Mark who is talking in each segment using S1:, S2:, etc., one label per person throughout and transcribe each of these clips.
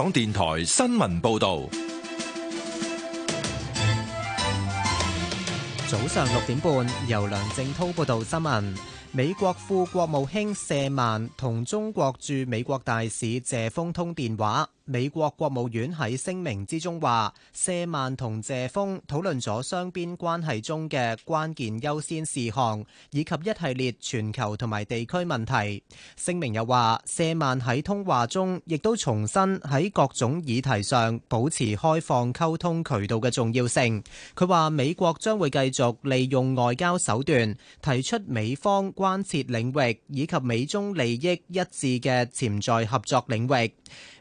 S1: 港電台新聞報道，早上六點半，由梁
S2: 正濤報道新聞。美國副國務卿謝曼同中國駐美國大使謝鋒通電話。美國國務院喺聲明之中話，謝曼同謝鋒討論咗雙邊關係中嘅關鍵優先事項，以及一系列全球同埋地區問題。聲明又話，謝曼喺通話中亦都重申喺各種議題上保持開放溝通渠道嘅重要性。佢話，美國將會繼續利用外交手段提出美方關切領域，以及美中利益一致嘅潛在合作領域。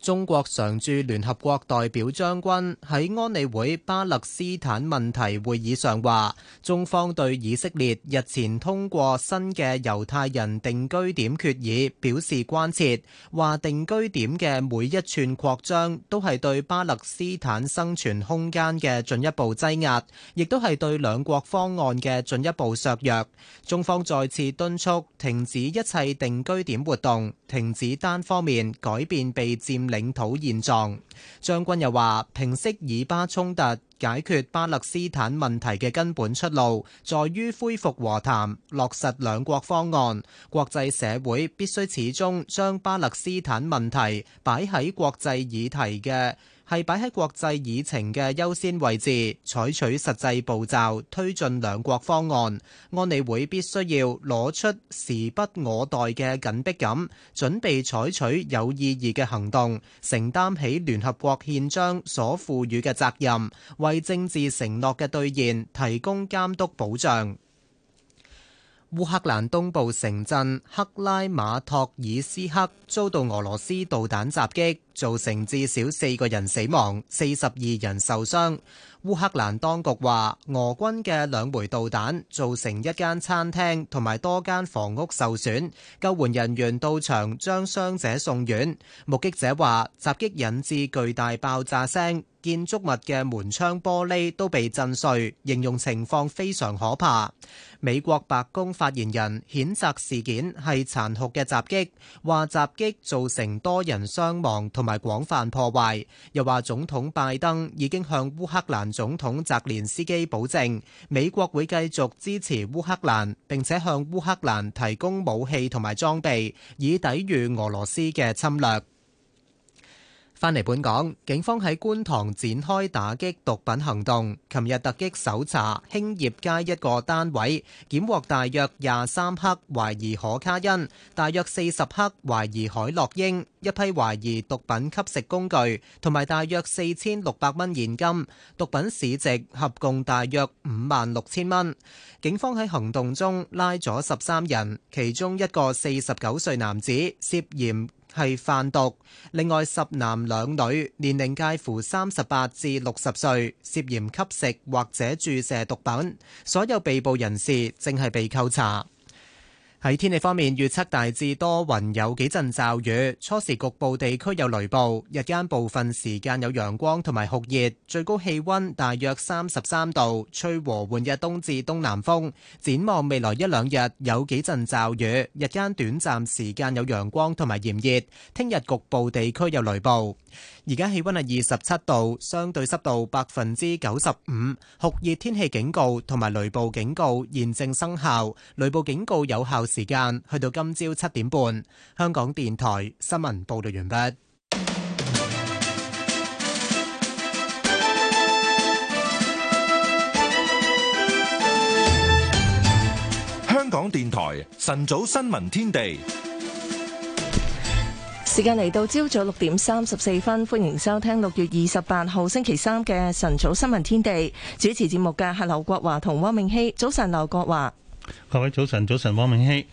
S2: 中國常駐聯合國代表張軍喺安理會巴勒斯坦問題會議上話，中方對以色列日前通過新嘅猶太人定居點決議表示關切，話定居點嘅每一寸擴張都係對巴勒斯坦生存空間嘅進一步擠壓，亦都係對兩國方案嘅進一步削弱。中方再次敦促停止一切定居點活動，停止單方面改變被佔。領土現狀。將軍又話，平息以巴衝突，解決巴勒斯坦問題嘅根本出路，在於恢復和談，落實兩國方案。國際社會必須始終將巴勒斯坦問題擺喺國際議題嘅。係擺喺國際議程嘅優先位置，採取實際步驟，推進兩國方案。安理會必須要攞出時不我待嘅緊迫感，準備採取有意義嘅行動，承擔起聯合國憲章所賦予嘅責任，為政治承諾嘅兌現提供監督保障。烏克蘭東部城鎮克拉馬托爾斯克遭到俄羅斯導彈襲擊。造成至少四個人死亡、四十二人受傷。烏克蘭當局話，俄軍嘅兩枚導彈造成一間餐廳同埋多間房屋受損，救援人員到場將傷者送院。目擊者話，襲擊引致巨大爆炸聲，建築物嘅門窗玻璃都被震碎，形容情況非常可怕。美國白宮發言人譴責事件係殘酷嘅襲擊，話襲擊造成多人傷亡同埋廣泛破壞，又話總統拜登已經向烏克蘭總統澤連斯基保證，美國會繼續支持烏克蘭，並且向烏克蘭提供武器同埋裝備，以抵禦俄羅斯嘅侵略。返嚟本港，警方喺觀塘展開打擊毒品行動。琴日突擊搜查興業街一個單位，檢獲大約廿三克懷疑可卡因，大約四十克懷疑海洛因，一批懷疑毒品吸食工具，同埋大約四千六百蚊現金。毒品市值合共大約五萬六千蚊。警方喺行動中拉咗十三人，其中一個四十九歲男子涉嫌係販毒，另外十男兩女，年齡介乎三十八至六十歲，涉嫌吸食或者注射毒品。所有被捕人士正係被扣查。喺天氣方面預測，大致多雲，有幾陣驟雨，初時局部地區有雷暴，日間部分時間有陽光同埋酷熱，最高氣溫大約三十三度，吹和緩嘅東至東南風。展望未來一兩日有幾陣驟雨，日間短暫時間有陽光同埋炎熱，聽日局部地區有雷暴。而家氣温係二十七度，相對濕度百分之九十五，酷熱天氣警告同埋雷暴警告現正生效，雷暴警告有效時間去到今朝七點半。香港電台新聞報導完畢。
S1: 香港電台晨早新聞天地。
S3: 時間嚟到朝早六點三十四分，歡迎收聽六月二十八號星期三嘅晨早新聞天地。主持節目嘅係劉國華同汪明熙。早晨，劉國華。
S4: 各位早晨，早晨，汪明熙。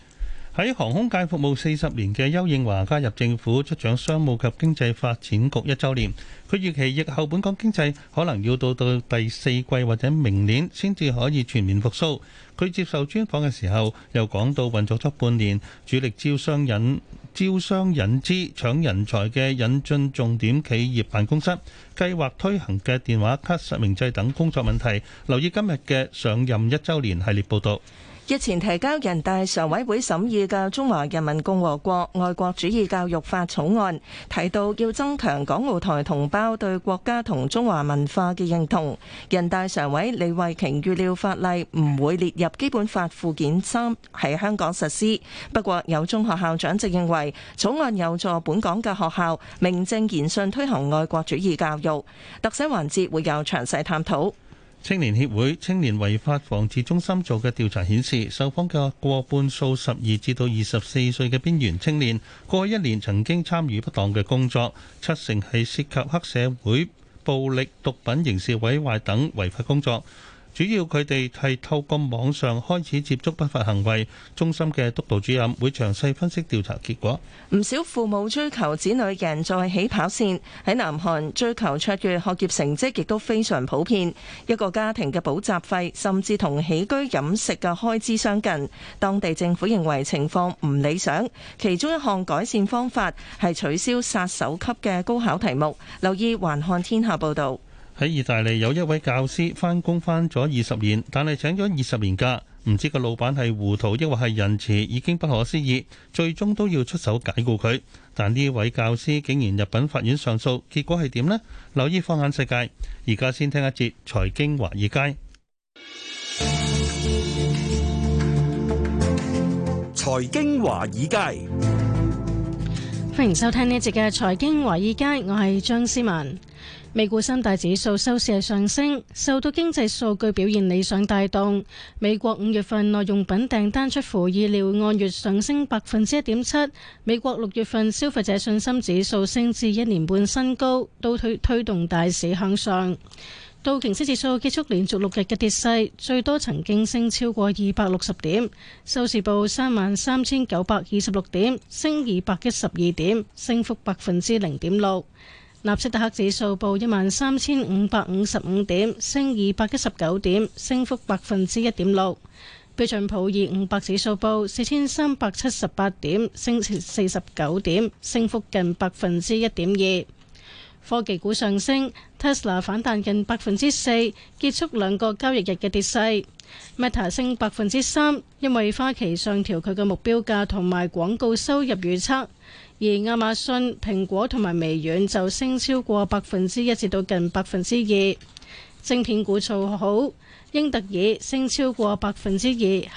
S4: 喺航空界服務四十年嘅邱應華加入政府出掌商務及經濟發展局一周年。佢預期疫後本港經濟可能要到到第四季或者明年先至可以全面復蘇。佢接受專訪嘅時候，又講到運作咗半年，主力招商引。招商引資、搶人才嘅引進重點企業辦公室，計劃推行嘅電話卡實名制等工作問題，留意今日嘅上任一週年系列報導。
S3: 日前提交人大常委會審議嘅《中華人民共和國愛國主義教育法》草案，提到要增強港澳台同胞對國家同中華文化嘅認同。人大常委李慧瓊預料法例唔會列入基本法附件三喺香港實施。不過有中學校長就認為，草案有助本港嘅學校名正言順推行愛國主義教育。特寫環節會有詳細探討。
S4: 青年協會青年違法防治中心做嘅調查顯示，受訪嘅過半數十二至到二十四歲嘅邊緣青年，過去一年曾經參與不當嘅工作，七成係涉及黑社會、暴力、毒品、刑事毀壞等違法工作。主要佢哋係透過網上開始接觸不法行為。中心嘅督導主任會詳細分析調查結果。
S3: 唔少父母追求子女贏在起跑線。喺南韓追求卓越學業成績亦都非常普遍。一個家庭嘅補習費甚至同起居飲食嘅開支相近。當地政府認為情況唔理想。其中一項改善方法係取消殺手級嘅高考題目。留意環看天下報導。
S4: 喺意大利，有一位教師翻工翻咗二十年，但係請咗二十年假，唔知個老闆係糊塗抑或係仁慈，已經不可思議。最終都要出手解雇佢，但呢位教師竟然入稟法院上訴，結果係點呢？留意放眼世界，而家先聽一節財經華爾街。財經華爾街，
S5: 歡迎收聽呢一節嘅財經華爾街，我係張思文。美股三大指數收市上升，受到經濟數據表現理想帶動。美國五月份耐用品訂單出乎意料按月上升百分之一點七，美國六月份消費者信心指數升至一年半新高，都推推動大市向上。道瓊斯指數結束連續六日嘅跌勢，最多曾經升超過二百六十點，收市報三萬三千九百二十六點，升二百一十二點，升幅百分之零點六。納斯達克指數報一萬三千五百五十五點，升二百一十九點，升幅百分之一點六。標準普爾五百指數報四千三百七十八點，升四十九點，升幅近百分之一點二。科技股上升，Tesla 反彈近百分之四，結束兩個交易日嘅跌勢。Meta 升百分之三，因為花旗上調佢嘅目標價同埋廣告收入預測。而亞馬遜、蘋果同埋微軟就升超過百分之一，至到近百分之二。晶片股造好，英特爾升超過百分之二，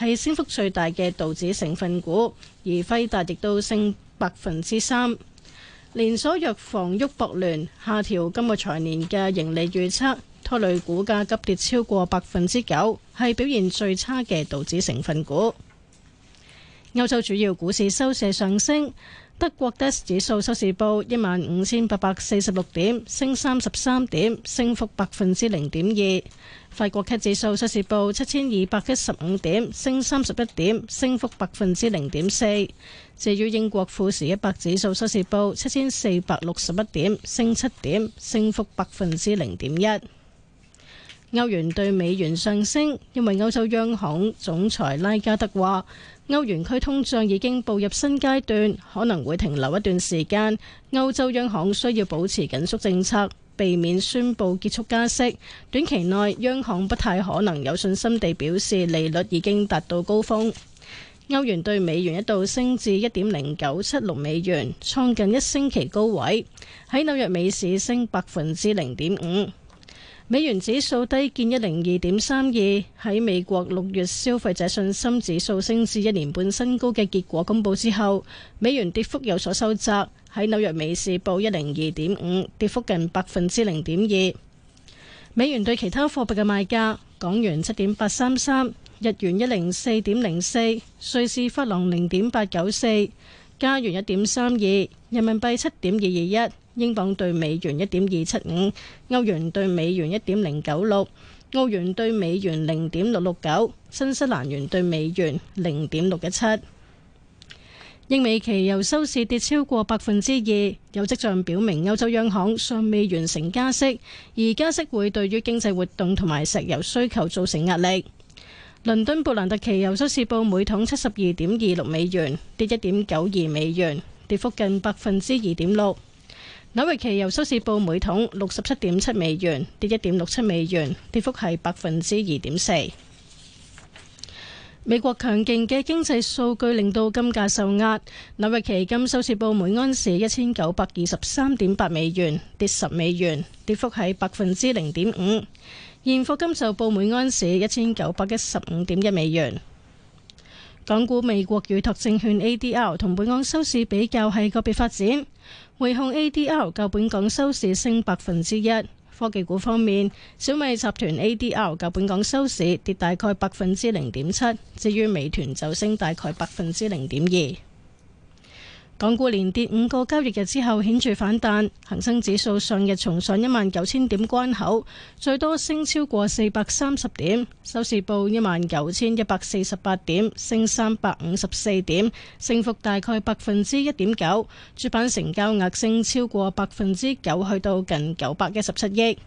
S5: 係升幅最大嘅道指成分股。而輝達亦都升百分之三。連鎖藥房沃博聯下調今個財年嘅盈利預測，拖累股價急跌超過百分之九，係表現最差嘅道指成分股。歐洲主要股市收市上升。德國 D、ES、指數收市報一萬五千八百四十六點，升三十三點，升幅百分之零點二。法國 CAC 指數收市報七千二百一十五點，升三十一點，升幅百分之零點四。至於英國富時一百指數收市報七千四百六十一點，升七點，升幅百分之零點一。歐元對美元上升，因為歐洲央行總裁拉加德話。歐元區通脹已經步入新階段，可能會停留一段時間。歐洲央行需要保持緊縮政策，避免宣布結束加息。短期內，央行不太可能有信心地表示利率已經達到高峰。歐元對美元一度升至一點零九七六美元，創近一星期高位。喺紐約美市升百分之零點五。美元指數低見一零二點三二，喺美國六月消費者信心指數升至一年半新高嘅結果公佈之後，美元跌幅有所收窄，喺紐約美市報一零二點五，跌幅近百分之零點二。美元對其他貨幣嘅賣價：港元七點八三三，日元一零四點零四，瑞士法郎零點八九四，加元一點三二，人民幣七點二二一。英鎊兌美元一點二七五，歐元兌美元一點零九六，澳元兌美元零點六六九，新西蘭元兌美元零點六一七。英美期油收市跌超過百分之二，有跡象表明歐洲央行尚未完成加息，而加息會對於經濟活動同埋石油需求造成壓力。倫敦布蘭特期油收市報每桶七十二點二六美元，跌一點九二美元，跌幅近百分之二點六。紐約期油收市報每桶六十七點七美元，跌一點六七美元，跌幅係百分之二點四。美國強勁嘅經濟數據令到金價受壓，紐約期金收市報每安士一千九百二十三點八美元，跌十美元，跌幅係百分之零點五。現貨金就報每安士一千九百一十五點一美元。港股美國預託證券 ADR 同本港收市比較係個別發展。匯控 ADR 較本港收市升百分之一，科技股方面，小米集團 ADR 較本港收市跌大概百分之零點七，至於美團就升大概百分之零點二。港股連跌五個交易日之後，顯著反彈。恒生指數上日重上一萬九千點關口，最多升超過四百三十點，收市報一萬九千一百四十八點，升三百五十四點，升幅大概百分之一點九。主板成交額升超過百分之九，去到近九百一十七億。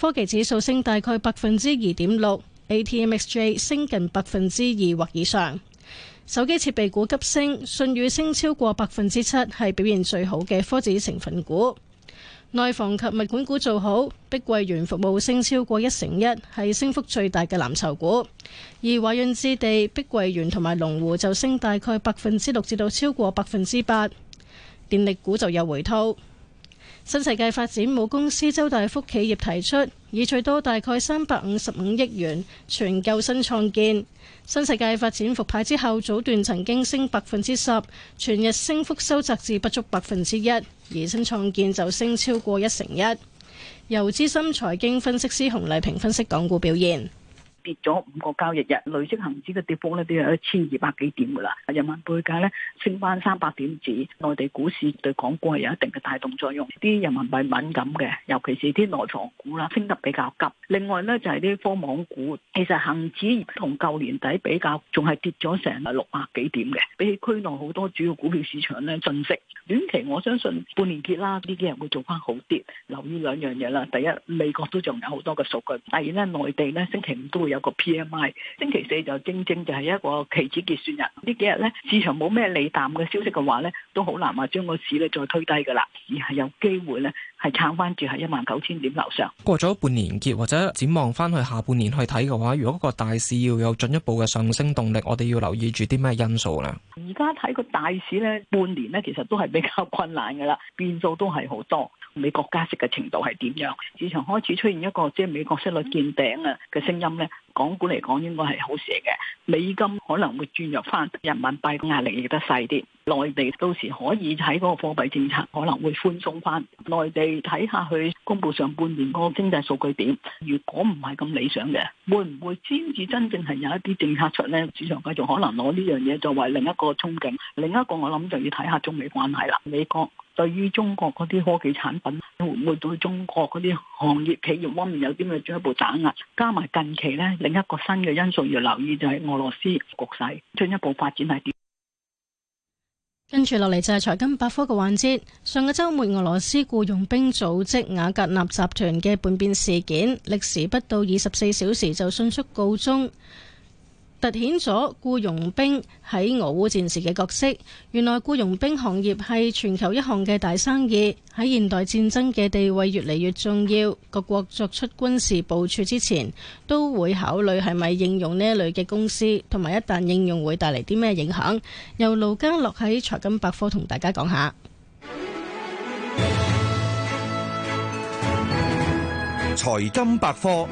S5: 科技指數升大概百分之二點六，ATMXJ 升近百分之二或以上。手機設備股急升，舜宇升超過百分之七，係表現最好嘅科指成分股。內房及物管股做好，碧桂園服務升超過一成一，係升幅最大嘅藍籌股。而華潤置地、碧桂園同埋龍湖就升大概百分之六至到超過百分之八。電力股就有回吐。新世界發展母公司周大福企業提出，以最多大概三百五十五億元全購新創建。新世界發展復牌之後，早段曾經升百分之十，全日升幅收窄至不足百分之一，而新創建就升超過一成一。由資深財經
S6: 分析師洪麗萍分析港股表現。跌咗五個交易日，累積恒指嘅跌幅咧都有一千二百幾點噶啦。人民幣價咧升翻三百點子，內地股市對港股係有一定嘅帶動作用。啲人民幣敏感嘅，尤其是啲內房股啦，升得比較急。另外咧就係、是、啲科網股，其實恒指同舊年底比較，仲係跌咗成六百幾點嘅。比起區內好多主要股票市場咧，遜色。短期我相信半年結啦，呢啲嘢會做翻好啲。留意兩樣嘢啦，第一，美國都仲有好多嘅數據，第二咧，內地咧星期五都會有。有個 PMI，星期四就正正就係一個期指結算日。呢幾日咧，市場冇咩利淡嘅消息嘅話咧，都好難話將個市咧再推低噶啦。而係有機會咧，係撐翻住喺一萬九千點樓上。
S7: 過咗半年結或者展望翻去下半年去睇嘅話，如果個大市要有進一步嘅上升動力，我哋要留意住啲咩因素咧？
S6: 而家睇個大市咧，半年咧其實都係比較困難噶啦，變數都係好多。美國加息嘅程度係點樣？市場開始出現一個即係美國息率見頂啊嘅聲音咧？港股嚟講應該係好事嘅，美金可能會轉入翻人民幣嘅壓力亦都細啲。內地到時可以喺個貨幣政策可能會寬鬆翻。內地睇下去公布上半年個經濟數據點，如果唔係咁理想嘅，會唔會先至真正係有一啲政策出呢？市場繼續可能攞呢樣嘢作為另一個憧憬，另一個我諗就要睇下中美關係啦，美國。對於中國嗰啲科技產品會唔會對中國嗰啲行業企業方面有啲咩進一步打壓？加埋近期呢，另一個新嘅因素要留意就係俄羅斯局勢進一步發展係點。
S5: 跟住落嚟就係財經百科嘅環節。上個週末，俄羅斯僱傭兵組織瓦格納集團嘅叛變事件，歷時不到二十四小時就迅速告終。凸顯咗雇傭兵喺俄烏戰事嘅角色。原來雇傭兵行業係全球一項嘅大生意，喺現代戰爭嘅地位越嚟越重要。各國作出軍事部署之前，都會考慮係咪應用呢一類嘅公司，同埋一旦應用會帶嚟啲咩影響。由盧家樂喺財金百科同大家講下。
S8: 財金百科。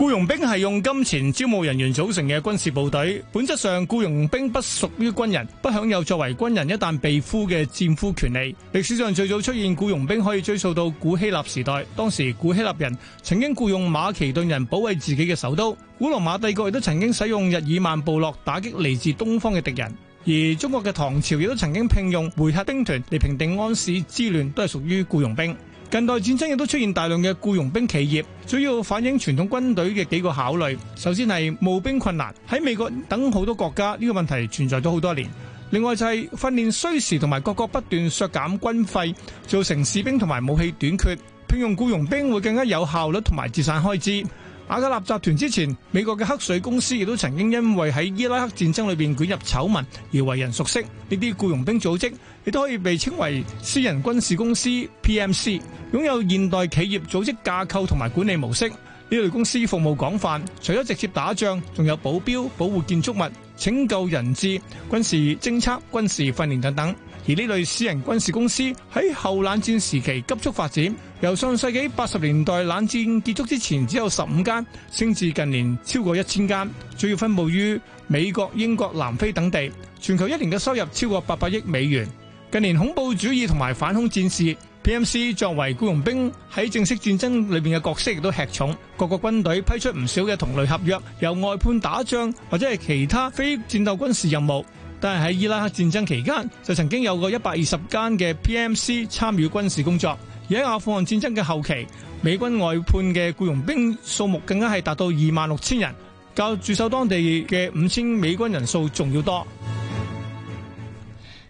S8: 僱傭兵係用金錢招募人員組成嘅軍事部隊，本質上僱傭兵不屬於軍人，不享有作爲軍人一旦被俘嘅戰俘權利。歷史上最早出現僱傭兵可以追溯到古希臘時代，當時古希臘人曾經僱傭馬其頓人保衛自己嘅首都；古羅馬帝國亦都曾經使用日耳曼部落打擊嚟自東方嘅敵人；而中國嘅唐朝亦都曾經聘用回鶻兵團嚟平定安史之亂，都係屬於僱傭兵。近代戰爭亦都出現大量嘅僱傭兵企業，主要反映傳統軍隊嘅幾個考慮。首先係募兵困難，喺美國等好多國家呢個問題存在咗好多年。另外就係訓練需時，同埋各國不斷削減軍費，造成士兵同埋武器短缺。聘用僱傭兵會更加有效率同埋節省開支。瓦格納集團之前，美國嘅黑水公司亦都曾經因為喺伊拉克戰爭裏邊捲入醜聞而為人熟悉。呢啲僱傭兵組織亦都可以被稱為私人軍事公司 （PMC），擁有現代企業組織架構同埋管理模式。呢類公司服務廣泛，除咗直接打仗，仲有保鏢、保護建築物、拯救人質、軍事政策、軍事訓練等等。而呢類私人軍事公司喺後冷戰時期急速發展，由上世紀八十年代冷戰結束之前只有十五間，升至近年超過一千間，主要分布於美國、英國、南非等地，全球一年嘅收入超過八百億美元。近年恐怖主義同埋反恐戰士 PMC 作為僱傭兵喺正式戰爭裏邊嘅角色亦都吃重，各個軍隊批出唔少嘅同類合約，由外判打仗或者係其他非戰鬥軍事任務。但係喺伊拉克戰爭期間，就曾經有過一百二十間嘅 PMC 參與軍事工作；而喺阿富汗戰爭嘅後期，美軍外判嘅僱傭兵數目更加係達到二萬六千人，較駐守當地嘅五千美軍人數仲要多。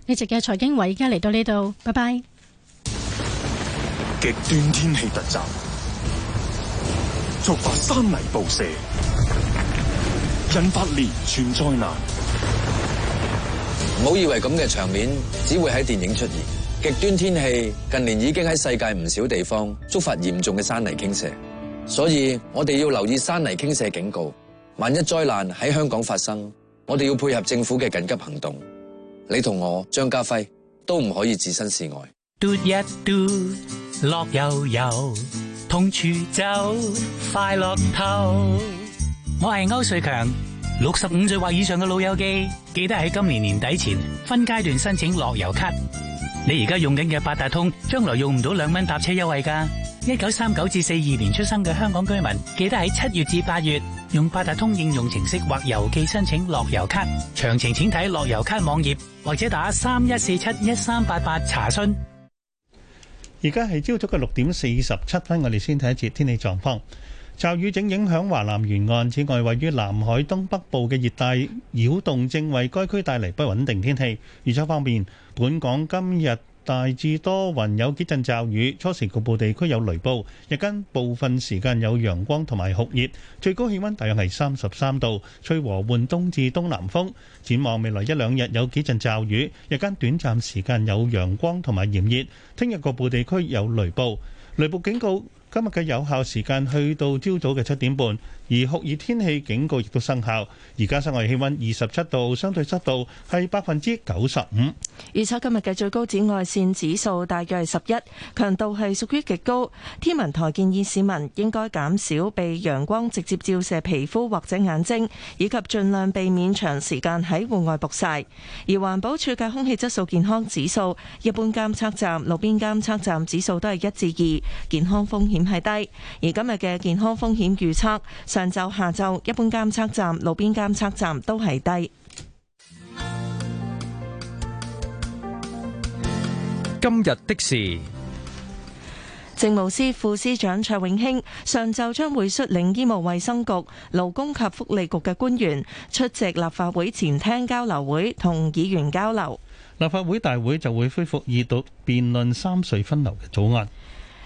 S5: 呢集嘅財經委而家嚟到呢度，拜拜。
S8: 極端天氣突襲，
S1: 觸發山泥暴瀉，引發連串災難。唔好以為咁嘅場面只會喺電影出現，極端天氣近年已經喺世界唔少地方觸發嚴
S7: 重嘅山泥傾瀉，所以我哋要留意山泥傾瀉警告。萬一災難喺香港發生，我哋要配合政府嘅緊急行動。你同我張家輝都唔可以置身事外。
S8: 嘟一嘟，樂悠悠，同處走，快樂透。我係歐瑞強。六十五歲或以上嘅老友記，記得喺今年年底前分階段申請樂悠卡。你而家用緊嘅八達通，將來用唔到兩蚊搭車優惠㗎。一九三九至四二年出生嘅香港居民，記得喺七月至八月用八達通應用程式或郵寄申請樂悠卡。詳情請睇樂悠卡網頁或者打三一四七一三八八
S4: 查詢。而家係朝早嘅六點四十七分，我哋先睇一節天氣狀況。驟雨正影響華南沿岸，此外，位於南海東北部嘅熱帶擾動正為該區帶嚟不穩定天氣。預測方面，本港今日大致多雲，有幾陣驟雨，初時局部地區有雷暴，日間部分時間有陽光同埋酷熱，最高氣溫大約係三十三度，吹和緩東至東南風。展望未來一兩日有幾陣驟雨，日間短暫時間有陽光同埋炎熱，聽日局部地區有雷暴，雷暴警告今日嘅有效時間去到朝早嘅七點半。而酷熱天氣警告亦都生效，而家室外氣温二十七度，相對濕度係百分之九十五。
S9: 預測今
S3: 日嘅最高紫外線指數大約係十一，強度係屬於極高。天文台建議市民應該減少被陽光直接照射皮膚或者眼睛，以及盡量避免長時間喺戶外曝曬。而環保署嘅空氣質素健康指數，一般監測站、路邊監測站指數都係一至二，健康風險係低。而今日嘅健康風險預測。上晝、下晝，一般監測站、路邊監測站都係低。
S10: 今日的事，
S3: 政務司副司長卓永興上晝將會率領醫務衛生局、勞工及福利局嘅官員出席立法會前廳交流會，同議員交
S4: 流。立法會大會就會恢復二讀辯論三隧分流嘅阻壓。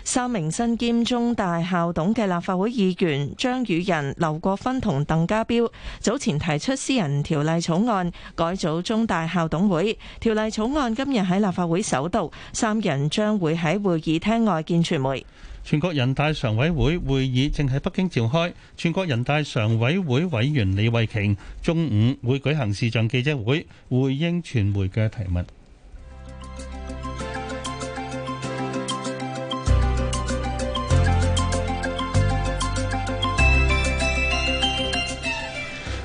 S3: 三名身兼中大校董嘅立法會議員張宇人、劉國勳同鄧家彪早前提出私人條例草案改組中大校董會。條例草案今日喺立法會首讀，三人將會喺會議廳外見傳媒。
S4: 全國人大常委會會議正喺北京召開，全國人大常委會委員李慧瓊中午會舉行視像記者會回應傳媒嘅提問。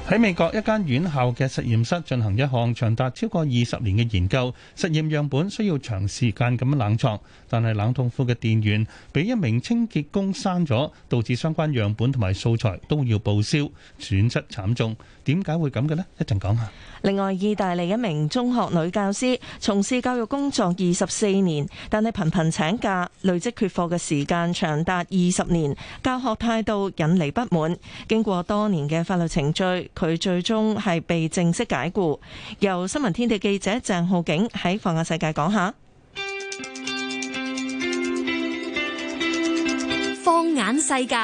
S4: 喺美國一間院校嘅實驗室進行一項長達超過二十年嘅研究，實驗樣本需要長時間咁樣冷藏，但係冷凍庫嘅電源俾一名清潔工閂咗，導致相關樣本同埋素材都要報銷，損失慘重。點解會咁嘅呢？講一陣講下。
S3: 另外，意大利一名中學女教師從事教育工作二十四年，但係頻頻請假，累積缺課嘅時間長達二十年，教學態度引嚟不滿。經過多年嘅法律程序。佢最終係被正式解僱。由新聞天地記者鄭浩景喺《放眼世界》講下
S11: 《放眼世界》。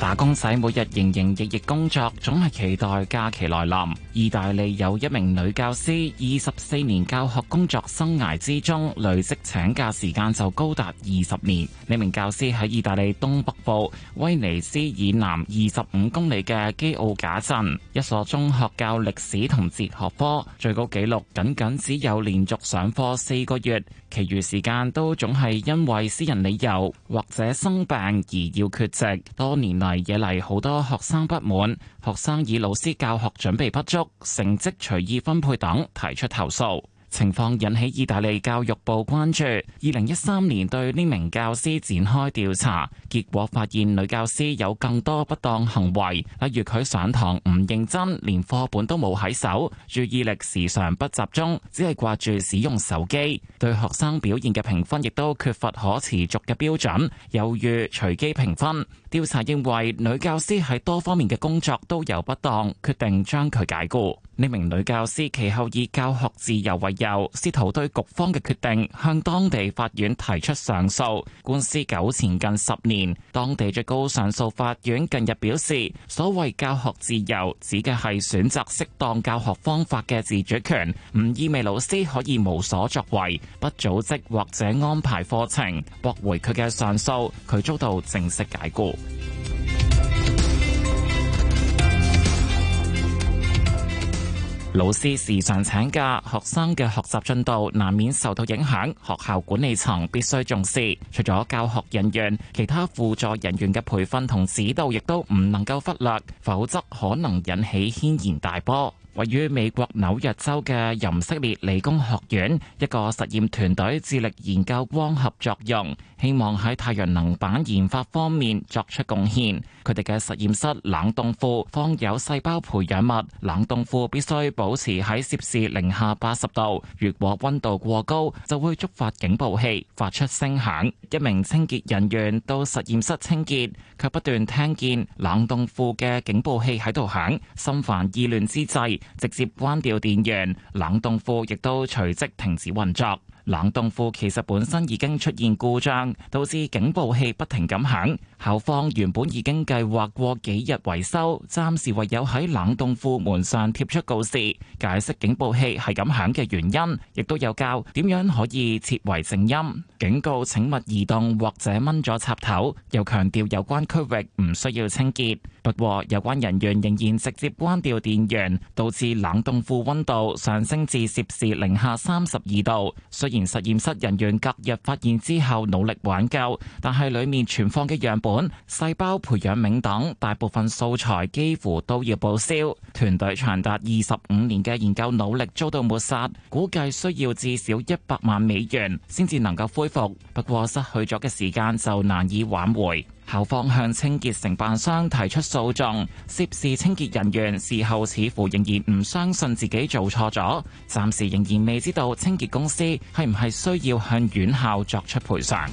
S12: 打工仔每日營營役役工作，總係期待假期來臨。意大利有一名女教師，二十四年教學工作生涯之中，累積請假時間就高達二十年。呢名教師喺意大利東北部威尼斯以南二十五公里嘅基奧賈鎮，一所中學教歷史同哲學科。最高紀錄僅僅只有連續上課四個月，其餘時間都總係因為私人理由或者生病而要缺席。多年來，惹嚟好多學生不滿，學生以老師教學準備不足、成績隨意分配等提出投訴。情況引起意大利教育部關注。二零一三年對呢名教師展開調查，結果發現女教師有更多不當行為，例如佢上堂唔認真，連課本都冇喺手，注意力時常不集中，只係掛住使用手機。對學生表現嘅評分亦都缺乏可持續嘅標準，由於隨機評分。調查認為女教師喺多方面嘅工作都有不當，決定將佢解雇。呢名女教師其後以教學自由為由，試圖對局方嘅決定向當地法院提出上訴，官司糾纏近十年。當地最高上訴法院近日表示，所謂教學自由指嘅係選擇適當教學方法嘅自主權，唔意味老師可以無所作為，不組織或者安排課程。駁回佢嘅上訴，佢遭到正式解雇。老師時常請假，學生嘅學習進度難免受到影響。學校管理層必須重視。除咗教學人員，其他輔助人員嘅培訓同指導亦都唔能夠忽略，否則可能引起軒然大波。位於美國紐約州嘅任斯列理工學院，一個實驗團隊致力研究光合作用。希望喺太陽能板研發方面作出貢獻，佢哋嘅實驗室冷凍庫放有細胞培養物，冷凍庫必須保持喺攝氏零下八十度。如果溫度過高，就會觸發警報器發出聲響。一名清潔人員到實驗室清潔，卻不斷聽見冷凍庫嘅警報器喺度響，心煩意亂之際，直接關掉電源，冷凍庫亦都隨即停止運作。冷凍庫其實本身已經出現故障，導致警報器不停咁響。校方原本已經計劃過幾日維修，暫時唯有喺冷凍庫門上貼出告示，解釋警報器係咁響嘅原因，亦都有教點樣可以設為靜音，警告請勿移動或者掹咗插頭，又強調有關區域唔需要清潔。不過，有關人員仍然直接關掉電源，導致冷凍庫溫度上升至攝氏零下三十二度。雖然實驗室人員隔日發現之後努力挽救，但係裏面存放嘅樣本、細胞培養皿等大部分素材幾乎都要報銷。團隊長達二十五年嘅研究努力遭到抹殺，估計需要至少一百萬美元先至能夠恢復。不過，失去咗嘅時間就難以挽回。校方向清潔承辦商提出訴訟，涉事清潔人員事後似乎仍然唔相信自己做錯咗，暫時仍然未知道清潔公司係唔係需要向院校作出賠償。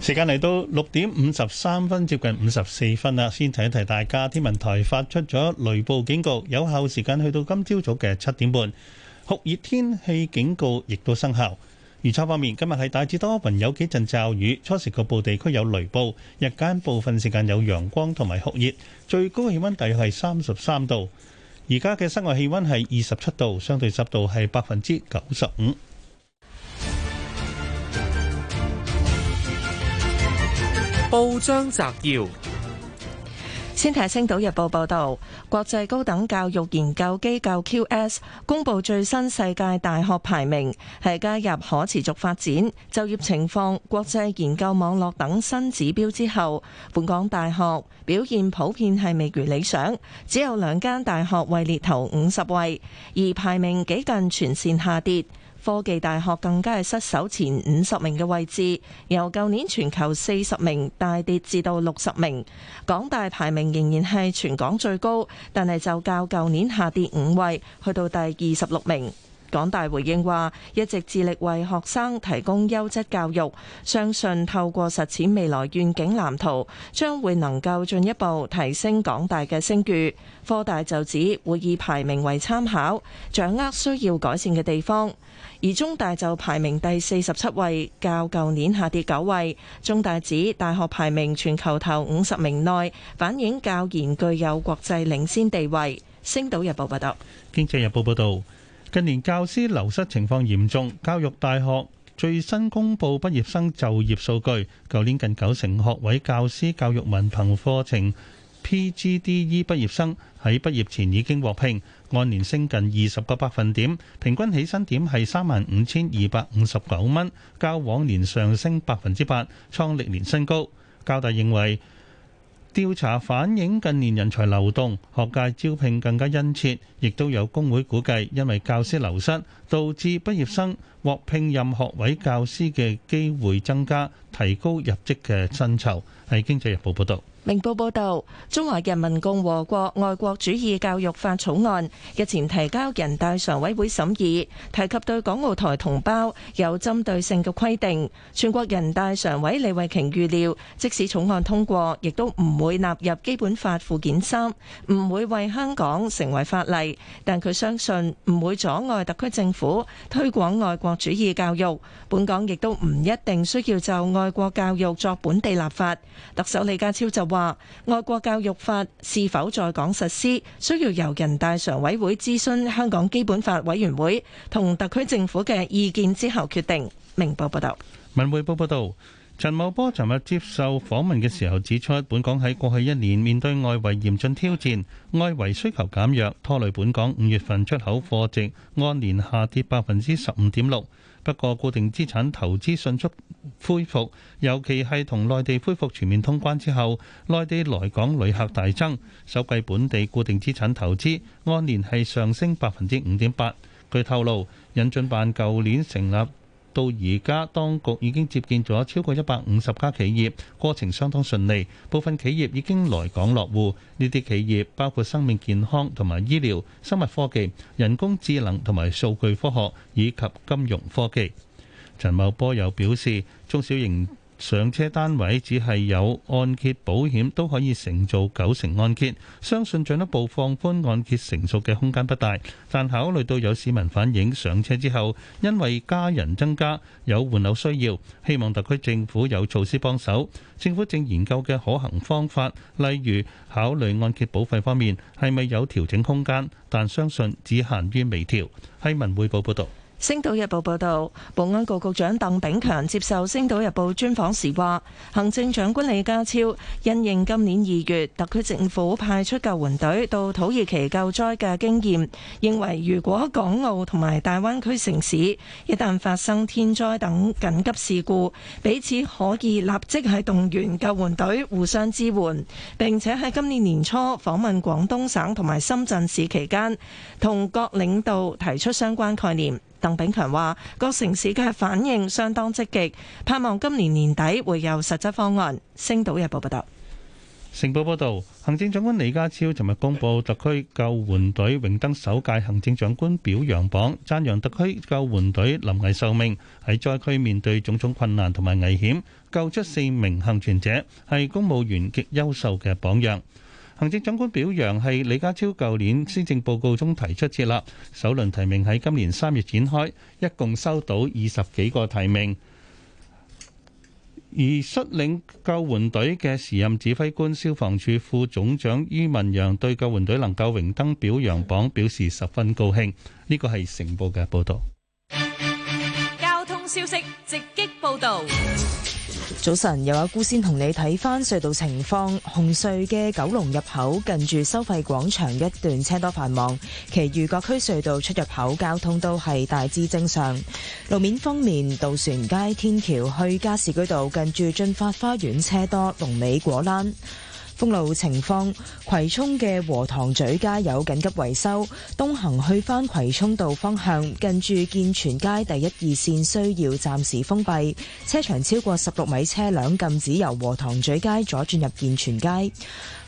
S12: 時間嚟到六點
S4: 五十三分，接近五十四分啦，先提一提大家，天文台發出咗雷暴警告，有效時間去到今朝早嘅七點半。酷熱天氣警告亦都生效。預測方面，今日係大致多雲，有幾陣驟雨，初時局部地區有雷暴，日間部分時間有陽光同埋酷熱，最高氣溫大約係三十三度。而家嘅室外氣溫係二十七度，相對濕度係百分之九十五。
S7: 報章摘要。
S3: 先睇《星島日報》報導，國際高等教育研究機構 QS 公佈最新世界大學排名，係加入可持續發展、就業情況、國際研究網絡等新指標之後，本港大學表現普遍係未如理想，只有兩間大學位列頭五十位，而排名幾近全線下跌。科技大學更加係失守前五十名嘅位置，由舊年全球四十名大跌至到六十名。港大排名仍然係全港最高，但係就較舊年下跌五位，去到第二十六名。港大回應話，一直致力為學生提供優質教育，相信透過實踐未來願景藍圖，將會能夠進一步提升港大嘅聲譽。科大就指會以排名為參考，掌握需要改善嘅地方。而中大就排名第四十七位，較舊年下跌九位。中大指大學排名全球頭五十名內，反映教研具有國際領先地位。
S4: 星島日報報道，經濟日報報道。近年教師流失情況嚴重，教育大學最新公布畢業生就業數據，舊年近九成學位教師教育文憑課程 PGDE 畢業生喺畢業前已經獲聘，按年升近二十個百分點，平均起薪點係三萬五千二百五十九蚊，較往年上升百分之八，創歷年新高。教大認為，調查反映近年人才流動，學界招聘更加殷切，亦都有工會估計，因為教師流失，導致畢業生獲聘任學位教師嘅機會增加，提高入職嘅薪酬。喺《經濟日報》報道。
S3: 明報報導，中華人民共和國《愛國主義教育法》草案日前提交人大常委會審議，提及對港澳台同胞有針對性嘅規定。全國人大常委李慧瓊預料，即使草案通過，亦都唔會納入基本法附件三，唔會為香港成為法例。但佢相信唔會阻礙特區政府推廣愛國主義教育，本港亦都唔一定需要就愛國教育作本地立法。特首李家超就話外國教育法，是否在港實施，需要由人大常委會諮詢香港基本法委員會同特區政府嘅意見之後決定。明報報道，
S4: 文匯報報道，陳茂波尋日接受訪問嘅時候指出，本港喺過去一年面對外圍嚴峻挑戰，外圍需求減弱，拖累本港五月份出口貨值按年下跌百分之十五點六。不過，固定資產投資迅速恢復，尤其係同內地恢復全面通關之後，內地來港旅客大增。首季本地固定資產投資按年係上升百分之五點八。據透露，引進辦舊年成立。到而家，當局已經接見咗超過一百五十家企業，過程相當順利。部分企業已經來港落戶，呢啲企業包括生命健康同埋醫療、生物科技、人工智能同埋數據科學以及金融科技。陳茂波又表示，中小型上車單位只係有按揭保險都可以承做九成按揭，相信進一步放寬按揭成數嘅空間不大。但考慮到有市民反映上車之後因為家人增加有換樓需要，希望特區政府有措施幫手。政府正研究嘅可行方法，例如考慮按揭保費方面係咪有調整空間，但相信只限於微調。係文匯報報道。
S3: 《星島日報》報導，保安局局長鄧炳強接受《星島日報》專訪時話，行政長官李家超因應今年二月特區政府派出救援隊到土耳其救災嘅經驗，認為如果港澳同埋大灣區城市一旦發生天災等緊急事故，彼此可以立即係動員救援隊互相支援。並且喺今年年初訪問廣東省同埋深圳市期間，同各領導提出相關概念。鄧炳強話：各城市嘅反應相當積極，盼望今年年底會有實質方案。星島日報報道，
S4: 成報報道，行政長官李家超尋日公布特區救援隊榮登首屆行政長官表揚榜，讚揚特區救援隊臨危受命喺災區面對種種困難同埋危險，救出四名幸存者，係公務員極優秀嘅榜樣。行政長官表揚係李家超舊年施政報告中提出設立，首輪提名喺今年三月展開，一共收到二十幾個提名。而率領救援隊嘅時任指揮官消防處副總長于文陽對救援隊能夠榮登表揚榜表示十分高興。呢個係成報嘅報道。
S11: 交通消息直擊報道。
S4: 早晨，有阿姑先同你睇
S10: 返隧道情況。紅隧嘅九龍入口近住收費廣場一段車多繁忙，其餘各區隧道出入口交通都係大致正常。路面方面，渡船街天橋去加士居道近住駿發花園車多，龍尾果欄。封路情況，葵涌嘅禾塘咀街有緊急維修，東行去返葵涌道方向，近住健全街第一二線需要暫時封閉，車長超過十六米車輛禁止由禾塘咀街左轉入健全街。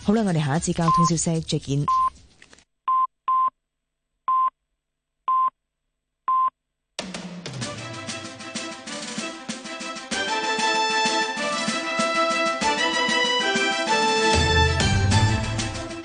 S10: 好啦，我哋下一次交通消息，再見。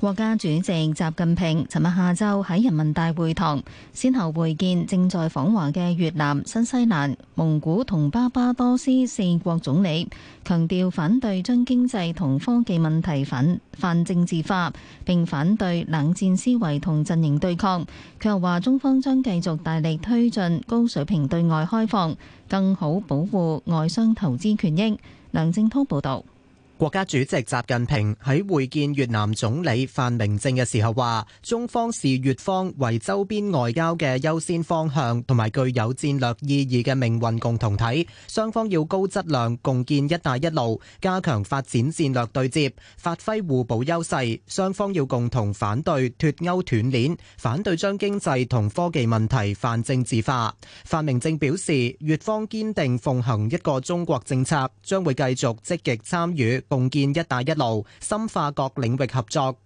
S9: 國家主席習近平尋日下晝喺人民大會堂先後會見正在訪華嘅越南、新西蘭、蒙古同巴巴多斯四國總理，強調反對將經濟同科技問題反泛政治化，並反對冷戰思維同陣營對抗。佢又話，中方將繼續大力推進高水平對外開放，更好保護外商投資權益。梁正滔報道。
S2: 國家主席習近平喺會見越南總理范明政嘅時候話，中方視越方為周邊外交的優先方向，同埋具有戰略意義的命運共同體雙方要高質量共建一帶一路，加強發展戰略對接，發揮互補優勢。雙方要共同反對脫鈎斷鏈，反對將經濟同科技問題泛政治化。范明政表示，越方堅定奉行一個中國政策，將會繼續積極參與共建“一帶一路”，深化各領域合作。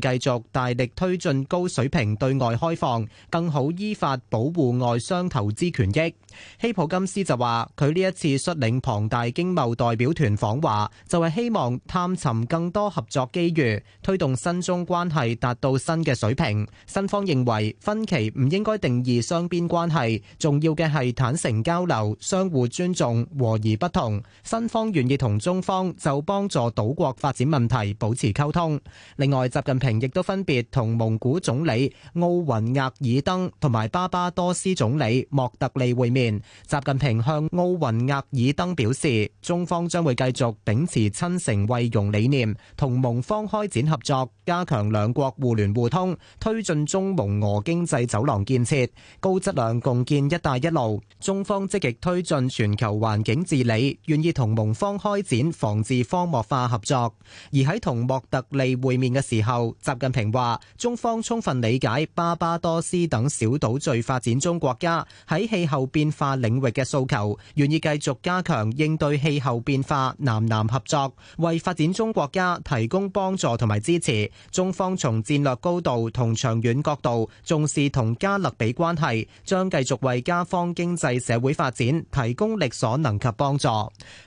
S2: 繼續大力推進高水平對外開放，更好依法保護外商投資權益。希普金斯就話：佢呢一次率領龐大經貿代表團訪華，就係希望探尋更多合作機遇，推動新中關係達到新嘅水平。新方認為分歧唔應該定義雙邊關係，重要嘅係坦誠交流、相互尊重、和而不同。新方願意同中方就幫助島國發展問題保持溝通。另外，習近平。亦都分別同蒙古總理奧雲額爾登同埋巴巴多斯總理莫特利會面。習近平向奧雲額爾登表示，中方將會繼續秉持親誠惠容理念，同蒙方開展合作，加強兩國互聯互通，推進中蒙俄經濟走廊建設，高質量共建「一帶一路」。中方積極推進全球環境治理，願意同蒙方開展防治荒漠化合作。而喺同莫特利會面嘅時候，習近平話：中方充分理解巴巴多斯等小島最發展中國家喺氣候變化領域嘅訴求，願意繼續加強應對氣候變化南南合作，為發展中國家提供幫助同埋支持。中方從戰略高度同長遠角度重視同加勒比關係，將繼續為加方經濟社會發展提供力所能及幫助。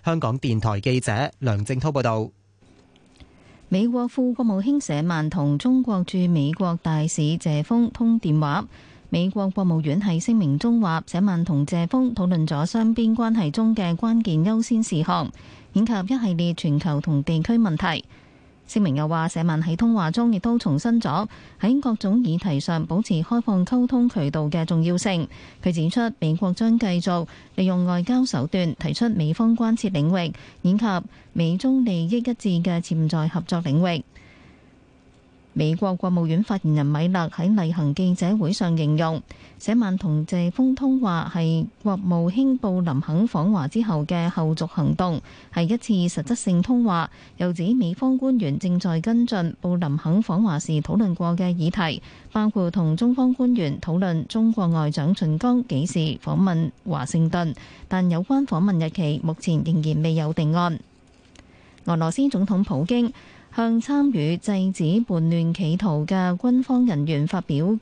S2: 香港電台記者梁靜濤報道。
S9: 美國副國務卿舍曼同中國駐美國大使謝鋒通電話。美國國務院喺聲明中話，舍曼同謝鋒討論咗雙邊關係中嘅關鍵優先事項，以及一系列全球同地區問題。聲明又話，社民喺通話中亦都重申咗喺各種議題上保持開放溝通渠道嘅重要性。佢指出，美國將繼續利用外交手段提出美方關切領域，以及美中利益一致嘅潛在合作領域。美國國務院發言人米勒喺例行記者會上形容，這晚同謝峰通話係國務卿布林肯訪華之後嘅後續行動，係一次實質性通話。又指美方官員正在跟進布林肯訪華時討論過嘅議題，包括同中方官員討論中國外長秦剛幾時訪問華盛頓，但有關訪問日期目前仍然未有定案。俄羅斯總統普京向參與制止叛亂企圖嘅軍方人員發表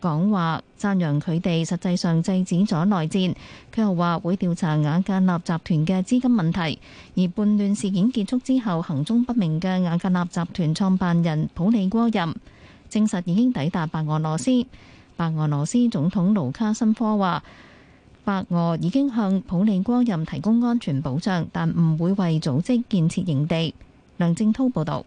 S9: 講話，讚揚佢哋實際上制止咗內戰。佢又話會調查瓦格納集團嘅資金問題。而叛亂事件結束之後行蹤不明嘅瓦格納集團創辦人普利戈任，證實已經抵達白俄羅斯。白俄羅斯總統盧卡申科話：白俄已經向普利戈任提供安全保障，但唔會為組織建設營地。梁振濤報道。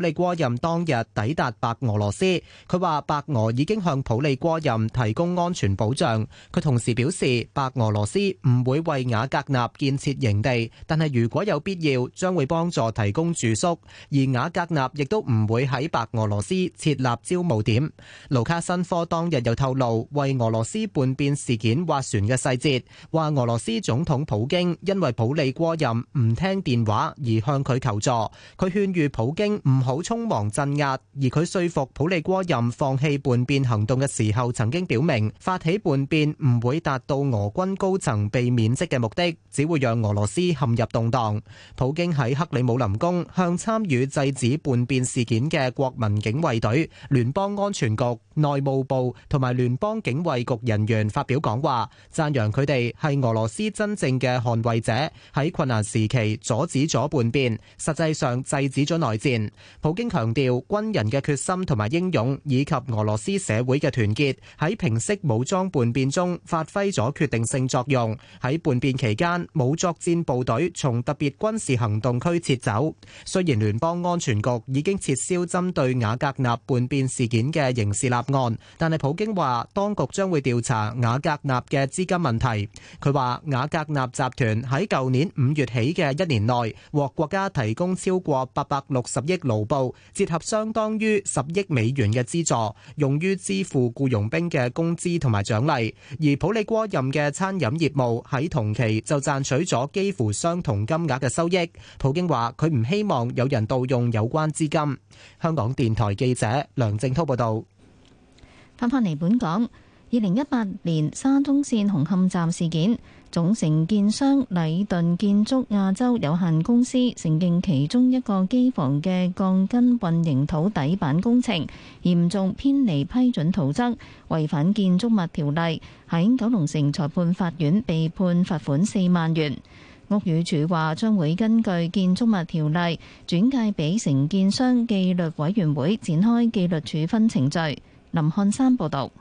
S2: 普利戈任當日抵達白俄羅斯，佢話白俄已經向普利戈任提供安全保障。佢同時表示，白俄羅斯唔會為瓦格納建設營地，但係如果有必要，將會幫助提供住宿。而瓦格納亦都唔會喺白俄羅斯設立招募點。盧卡申科當日又透露為俄羅斯叛變事件斡旋嘅細節，話俄羅斯總統普京因為普利戈任唔聽電話而向佢求助，佢勸喻普京唔好好匆忙鎮壓，而佢說服普里戈任放棄叛變行動嘅時候，曾經表明發起叛變唔會達到俄軍高層被免職嘅目的，只會讓俄羅斯陷入動盪。普京喺克里姆林宮向參與制止叛變事件嘅國民警衛隊、聯邦安全局、內務部同埋聯邦警衛局人員發表講話，讚揚佢哋係俄羅斯真正嘅捍衛者，喺困難時期阻止咗叛變，實際上制止咗內戰。普京強調軍人嘅決心同埋英勇，以及俄羅斯社會嘅團結，喺平息武裝叛變中發揮咗決定性作用。喺叛變期間，冇作戰部隊從特別軍事行動區撤走。雖然聯邦安全局已經撤銷針對瓦格納叛變事件嘅刑事立案，但係普京話當局將會調查瓦格納嘅資金問題。佢話瓦格納集團喺舊年五月起嘅一年內，獲國家提供超過八百六十億盧。公布折合相當於十億美元嘅資助，用於支付僱傭兵嘅工資同埋獎勵。而普利戈任嘅餐飲業務喺同期就賺取咗幾乎相同金額嘅收益。普京話佢唔希望有人盜用有關資金。香港電台記者梁正濤報道。
S9: 翻返嚟，本港二零一八年沙中綫紅磡站事件。總承建商禮頓建築亞洲有限公司承認其中一個機房嘅鋼筋混凝土底板工程嚴重偏離批准圖則，違反建築物條例，喺九龍城裁判法院被判罰款四萬元。屋宇署話將會根據建築物條例轉介俾承建商紀律委員會展開紀律處分程序。林漢山報道。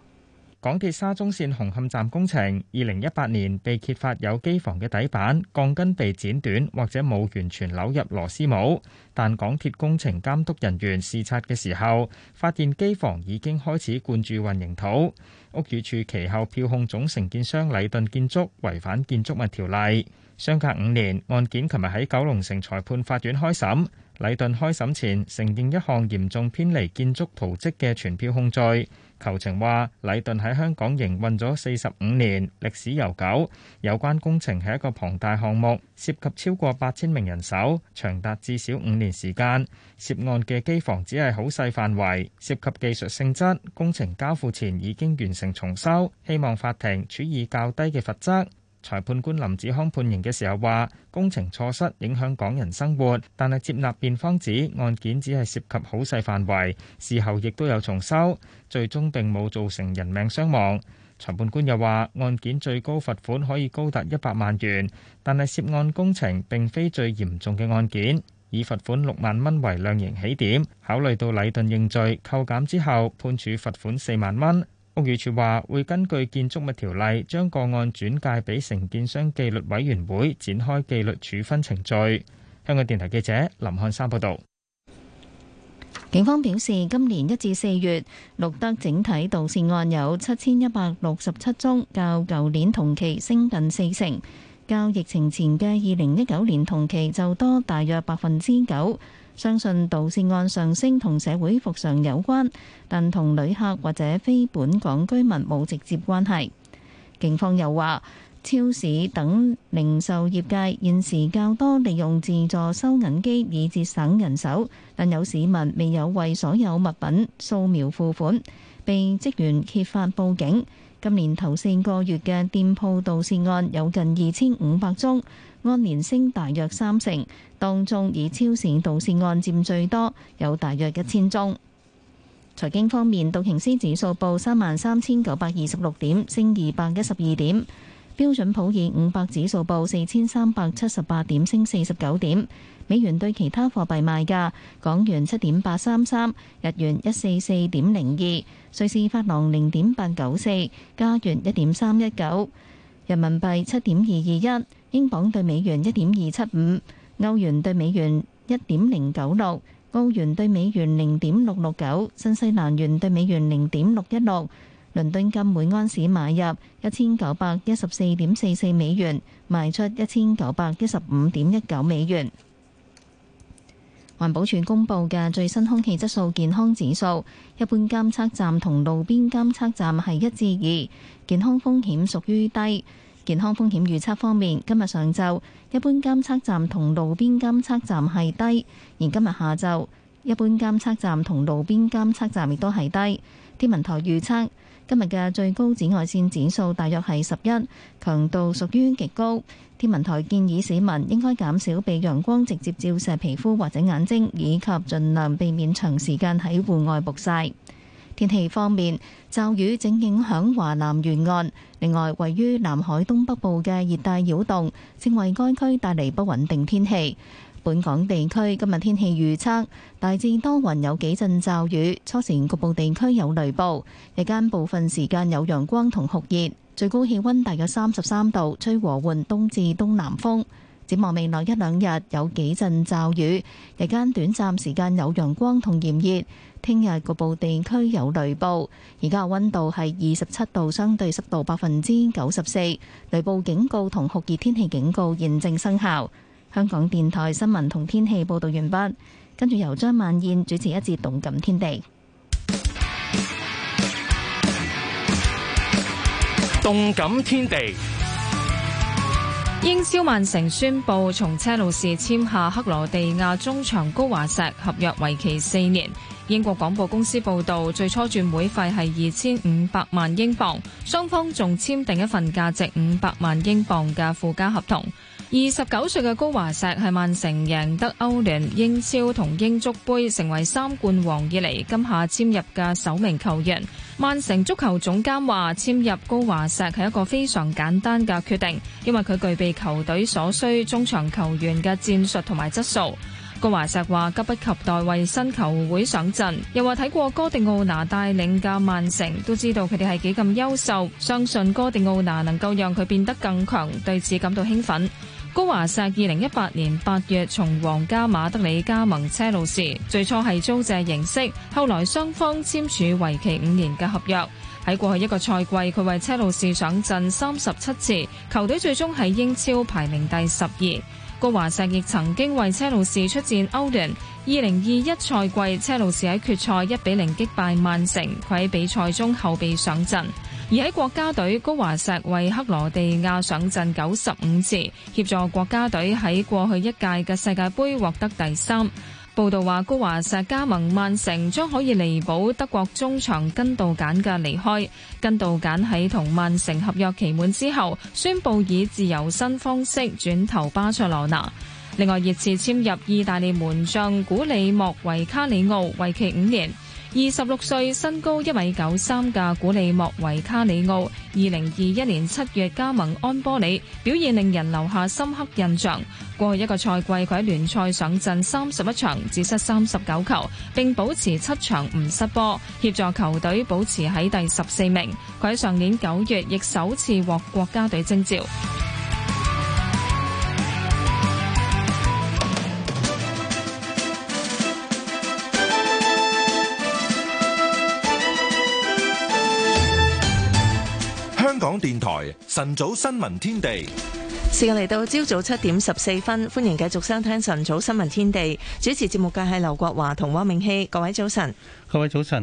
S13: 港鐵沙中線紅磡站工程，二零一八年被揭發有機房嘅底板鋼筋被剪短或者冇完全扭入螺絲帽。但港鐵工程監督人員視察嘅時候，發現機房已經開始灌注混凝土。屋宇署其後票控總承建商禮頓建築違反建築物條例。相隔五年，案件琴日喺九龍城裁判法院開審，禮頓開審前承認一項嚴重偏離建築圖則嘅傳票控罪。求情話：禮頓喺香港營運咗四十五年，歷史悠久。有關工程係一個龐大項目，涉及超過八千名人手，長達至少五年時間。涉案嘅機房只係好細範圍，涉及技術性質。工程交付前已經完成重修，希望法庭處以較低嘅罰則。裁判官林子康判刑嘅時候話，工程錯失影響港人生活，但係接納辯方指案件只係涉及好細範圍，事後亦都有重修，最終並冇造成人命傷亡。裁判官又話，案件最高罰款可以高達一百萬元，但係涉案工程並非最嚴重嘅案件，以罰款六萬蚊為量刑起點，考慮到禮頓認罪扣減之後，判處罰款四萬蚊。屋宇署話會根據建築物條例，將個案轉介俾承建商紀律委員會，展開紀律處分程序。香港電台記者林漢山報道。
S9: 警方表示，今年一至四月，錄得整體盜竊案有七千一百六十七宗，較舊年同期升近四成，較疫情前嘅二零一九年同期就多大約百分之九。相信盜竊案上升同社會復常有關，但同旅客或者非本港居民冇直接關係。警方又話，超市等零售業界現時較多利用自助收銀機以節省人手，但有市民未有為所有物品掃描付款，被職員揭發報警。今年頭四個月嘅店鋪盜竊案有近二千五百宗，按年升大約三成。當中以超市盜竊案佔最多，有大約一千宗。財經方面，道瓊斯指數報三萬三千九百二十六點，升二百一十二點。標準普爾五百指數報四千三百七十八點，升四十九點。美元對其他貨幣賣價：港元七點八三三，日元一四四點零二，瑞士法郎零點八九四，加元一點三一九，人民幣七點二二一，英鎊對美元一點二七五，歐元對美元一點零九六，澳元對美元零點六六九，新西蘭元對美元零點六一六。倫敦金每安士買入一千九百一十四點四四美元，賣出一千九百一十五點一九美元。環保署公布嘅最新空氣質素健康指數，一般監測站同路邊監測站係一至二，健康風險屬於低。健康風險預測方面，今日上晝一般監測站同路邊監測站係低，而今日下晝一般監測站同路邊監測站亦都係低。天文台預測。今日嘅最高紫外線指數大約係十一，強度屬於極高。天文台建議市民應該減少被陽光直接照射皮膚或者眼睛，以及盡量避免長時間喺戶外曝曬。天氣方面，驟雨正影響華南沿岸，另外位於南海東北部嘅熱帶擾動正為該區帶嚟不穩定天氣。本港地區今日天氣預測，大致多雲，有幾陣驟雨，初時局部地區有雷暴，日間部分時間有陽光同酷熱，最高氣溫大約三十三度，吹和緩東至東南風。展望未來一兩日有幾陣驟雨，日間短暫時間有陽光同炎熱，聽日局部地區有雷暴。而家嘅温度係二十七度，相對濕度百分之九十四，雷暴警告同酷熱天氣警告現正生效。香港電台新聞同天氣報道完畢，跟住由張萬燕主持一節《動感天地》。《動感天地》，
S14: 英超曼城宣布從車路士簽下克羅地亞中場高華石，合約為期四年。英國廣播公司報道，最初轉會費係二千五百萬英鎊，雙方仲簽訂一份價值五百萬英鎊嘅附加合同。二十九歲嘅高華石係曼城贏得歐聯、英超同英足杯，成為三冠王以嚟，今夏簽入嘅首名球員。曼城足球總監話：簽入高華石係一個非常簡單嘅決定，因為佢具備球隊所需中場球員嘅戰術同埋質素。高華石話：急不及待為新球會上陣，又話睇過哥迪奧拿帶領嘅曼城，都知道佢哋係幾咁優秀，相信哥迪奧拿能夠讓佢變得更強，對此感到興奮。高華石二零一八年八月從皇家馬德里加盟車路士，最初係租借形式，後來雙方簽署為期五年嘅合約。喺過去一個賽季，佢為車路士上陣三十七次，球隊最終喺英超排名第十二。高華石亦曾經為車路士出戰歐聯。二零二一賽季，車路士喺決賽一比零擊敗曼城，佢喺比賽中後備上陣。而喺國家隊，高華錫為克羅地亞上陣九十五次，協助國家隊喺過去一屆嘅世界盃獲得第三。報道話，高華錫加盟曼城，將可以彌補德國中場根杜簡嘅離開。根杜簡喺同曼城合約期滿之後，宣布以自由身方式轉投巴塞羅那。另外，熱刺簽入意大利門將古里莫維卡里奧，為期五年。二十六歲、身高一米九三嘅古里莫維卡里奧，二零二一年七月加盟安波里，oli, 表現令人留下深刻印象。過去一個賽季，佢喺聯賽上陣三十一場，只失三十九球，並保持七場唔失波，協助球隊保持喺第十四名。佢喺上年九月亦首次獲國家隊徵召。
S1: 港電台晨早新聞天地，時間
S3: 嚟到朝早七點十四分，歡迎繼續收聽晨早新聞天地。主持節目嘅係劉國華同汪明希，各位早晨，
S4: 各位早晨。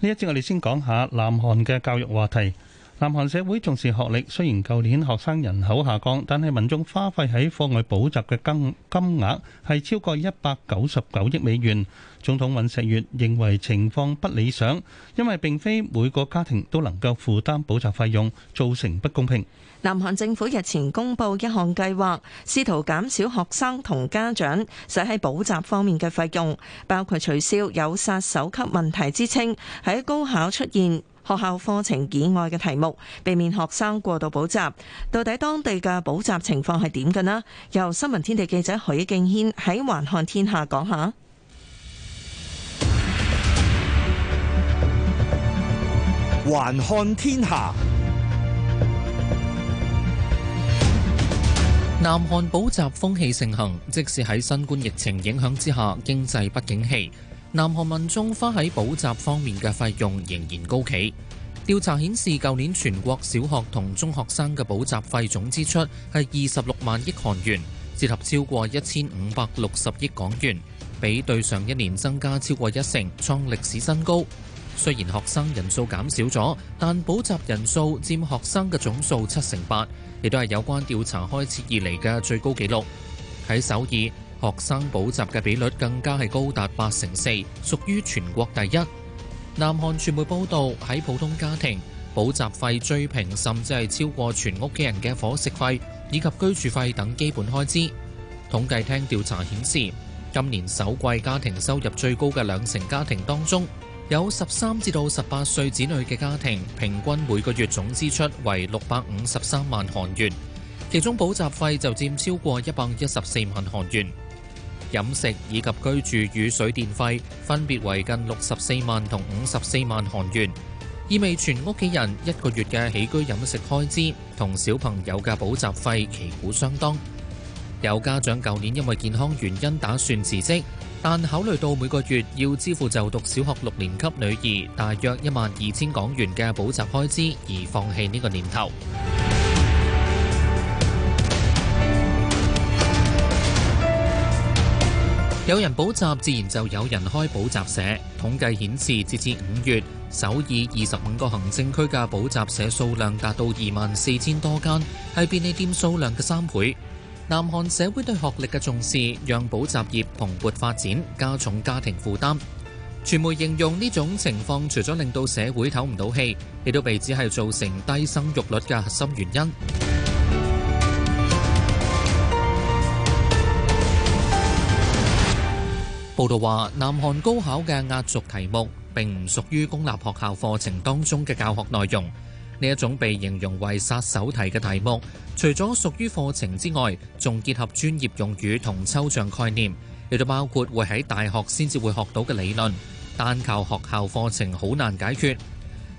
S4: 呢一節我哋先講下南韓嘅教育話題。南韓社會重視學歷，雖然舊年學生人口下降，但係民眾花費喺課外補習嘅金金額係超過一百九十九億美元。總統尹錫悅認為情況不理想，因為並非每個家庭都能夠負擔補習費用，造成不公平。
S3: 南韓政府日前公布一項計劃，試圖減少學生同家長使喺補習方面嘅費用，包括取消有殺手級問題之稱，喺高考出現。學校課程以外嘅題目，避免學生過度補習。到底當地嘅補習情況係點嘅呢？由新聞天地記者許敬軒喺《環看天下》講下。
S1: 環看天下。
S7: 南韓補習風氣盛行，即使喺新冠疫情影響之下，經濟不景氣。南韓民眾花喺補習方面嘅費用仍然高企。調查顯示，舊年全國小學同中學生嘅補習費總支出係二十六萬億韓元，折合超過一千五百六十億港元，比對上一年增加超過一成，創歷史新高。雖然學生人數減少咗，但補習人數佔學生嘅總數七成八，亦都係有關調查開始以嚟嘅最高紀錄。喺首爾，學生補習嘅比率更加係高達八成四，屬於全國第一。南韓傳媒報道，喺普通家庭，補習費最平甚至係超過全屋企人嘅伙食費以及居住費等基本開支。統計廳調查顯示，今年首季家庭收入最高嘅兩成家庭當中，有十三至到十八歲子女嘅家庭，平均每個月總支出為六百五十三萬韓元，其中補習費就佔超過一百一十四萬韓元。飲食以及居住與水電費分別為近六十四萬同五十四萬韓元，意味全屋企人一個月嘅起居飲食開支同小朋友嘅補習費旗鼓相當。有家長舊年因為健康原因打算辭職，但考慮到每個月要支付就讀小學六年級女兒大約一萬二千港元嘅補習開支，而放棄呢個念頭。有人補習，自然就有人開補習社。統計顯示，截至五月，首爾二十五個行政區嘅補習社數量達到二萬四千多間，係便利店數量嘅三倍。南韓社會對學歷嘅重視，讓補習業蓬勃發展，加重家庭負擔。傳媒形容呢種情況，除咗令到社會唞唔到氣，亦都被指係造成低生育率嘅核心原因。報道話，南韓高考嘅壓軸題目並唔屬於公立學校課程當中嘅教學內容。呢一種被形容為殺手題嘅題目，除咗屬於課程之外，仲結合專業用語同抽象概念，亦都包括會喺大學先至會學到嘅理論。單靠學校課程好難解決。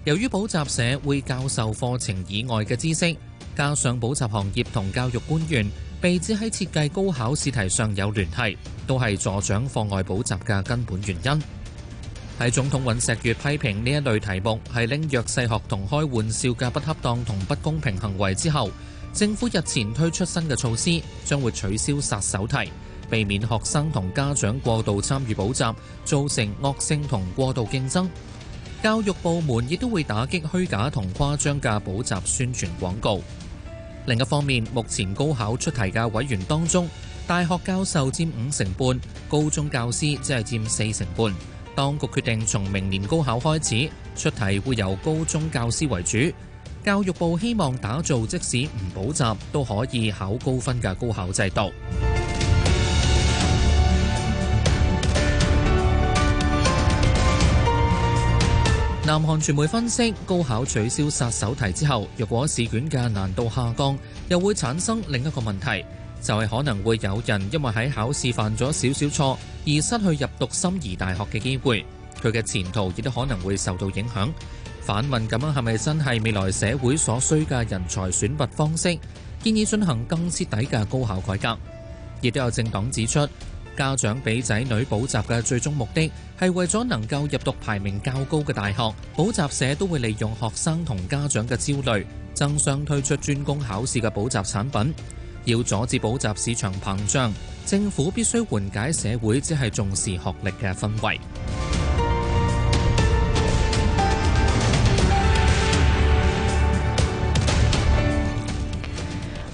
S7: 由於補習社會教授課程以外嘅知識，加上補習行業同教育官員。被指喺設計高考試題上有聯繫，都係助長課外補習嘅根本原因。喺總統尹錫悅批評呢一類題目係拎弱勢學童開玩笑嘅不恰當同不公平行為之後，政府日前推出新嘅措施，將會取消殺手題，避免學生同家長過度參與補習，造成惡性同過度競爭。教育部門亦都會打擊虛假同誇張嘅補習宣傳廣告。另一方面，目前高考出題嘅委員當中，大學教授佔五成半，高中教師即係佔四成半。當局決定從明年高考開始，出題會由高中教師為主。教育部希望打造即使唔補習都可以考高分嘅高考制度。南韓傳媒分析，高考取消殺手題之後，若果試卷嘅難度下降，又會產生另一個問題，就係可能會有人因為喺考試犯咗少少錯，而失去入讀心儀大學嘅機會，佢嘅前途亦都可能會受到影響。反問咁樣係咪真係未來社會所需嘅人才選拔方式？建議進行更徹底嘅高考改革。亦都有政黨指出。家長俾仔女補習嘅最終目的，係為咗能夠入讀排名較高嘅大學。補習社都會利用學生同家長嘅焦慮，爭相推出專攻考試嘅補習產品。要阻止補習市場膨脹，政府必須緩解社會只係重視學歷嘅
S3: 氛圍。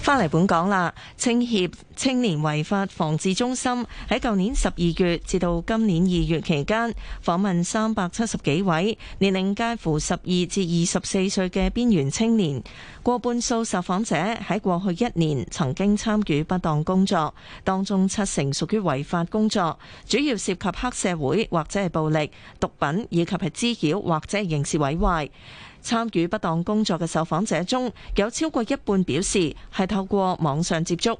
S3: 返嚟本港啦，青協青年違法防治中心喺舊年十二月至到今年二月期間，訪問三百七十幾位年齡介乎十二至二十四歲嘅邊緣青年，過半數受訪者喺過去一年曾經參與不當工作，當中七成屬於違法工作，主要涉及黑社會或者係暴力、毒品以及係滋擾或者係刑事毀壞。參與不當工作嘅受訪者中，有超過一半表示係透過網上接觸。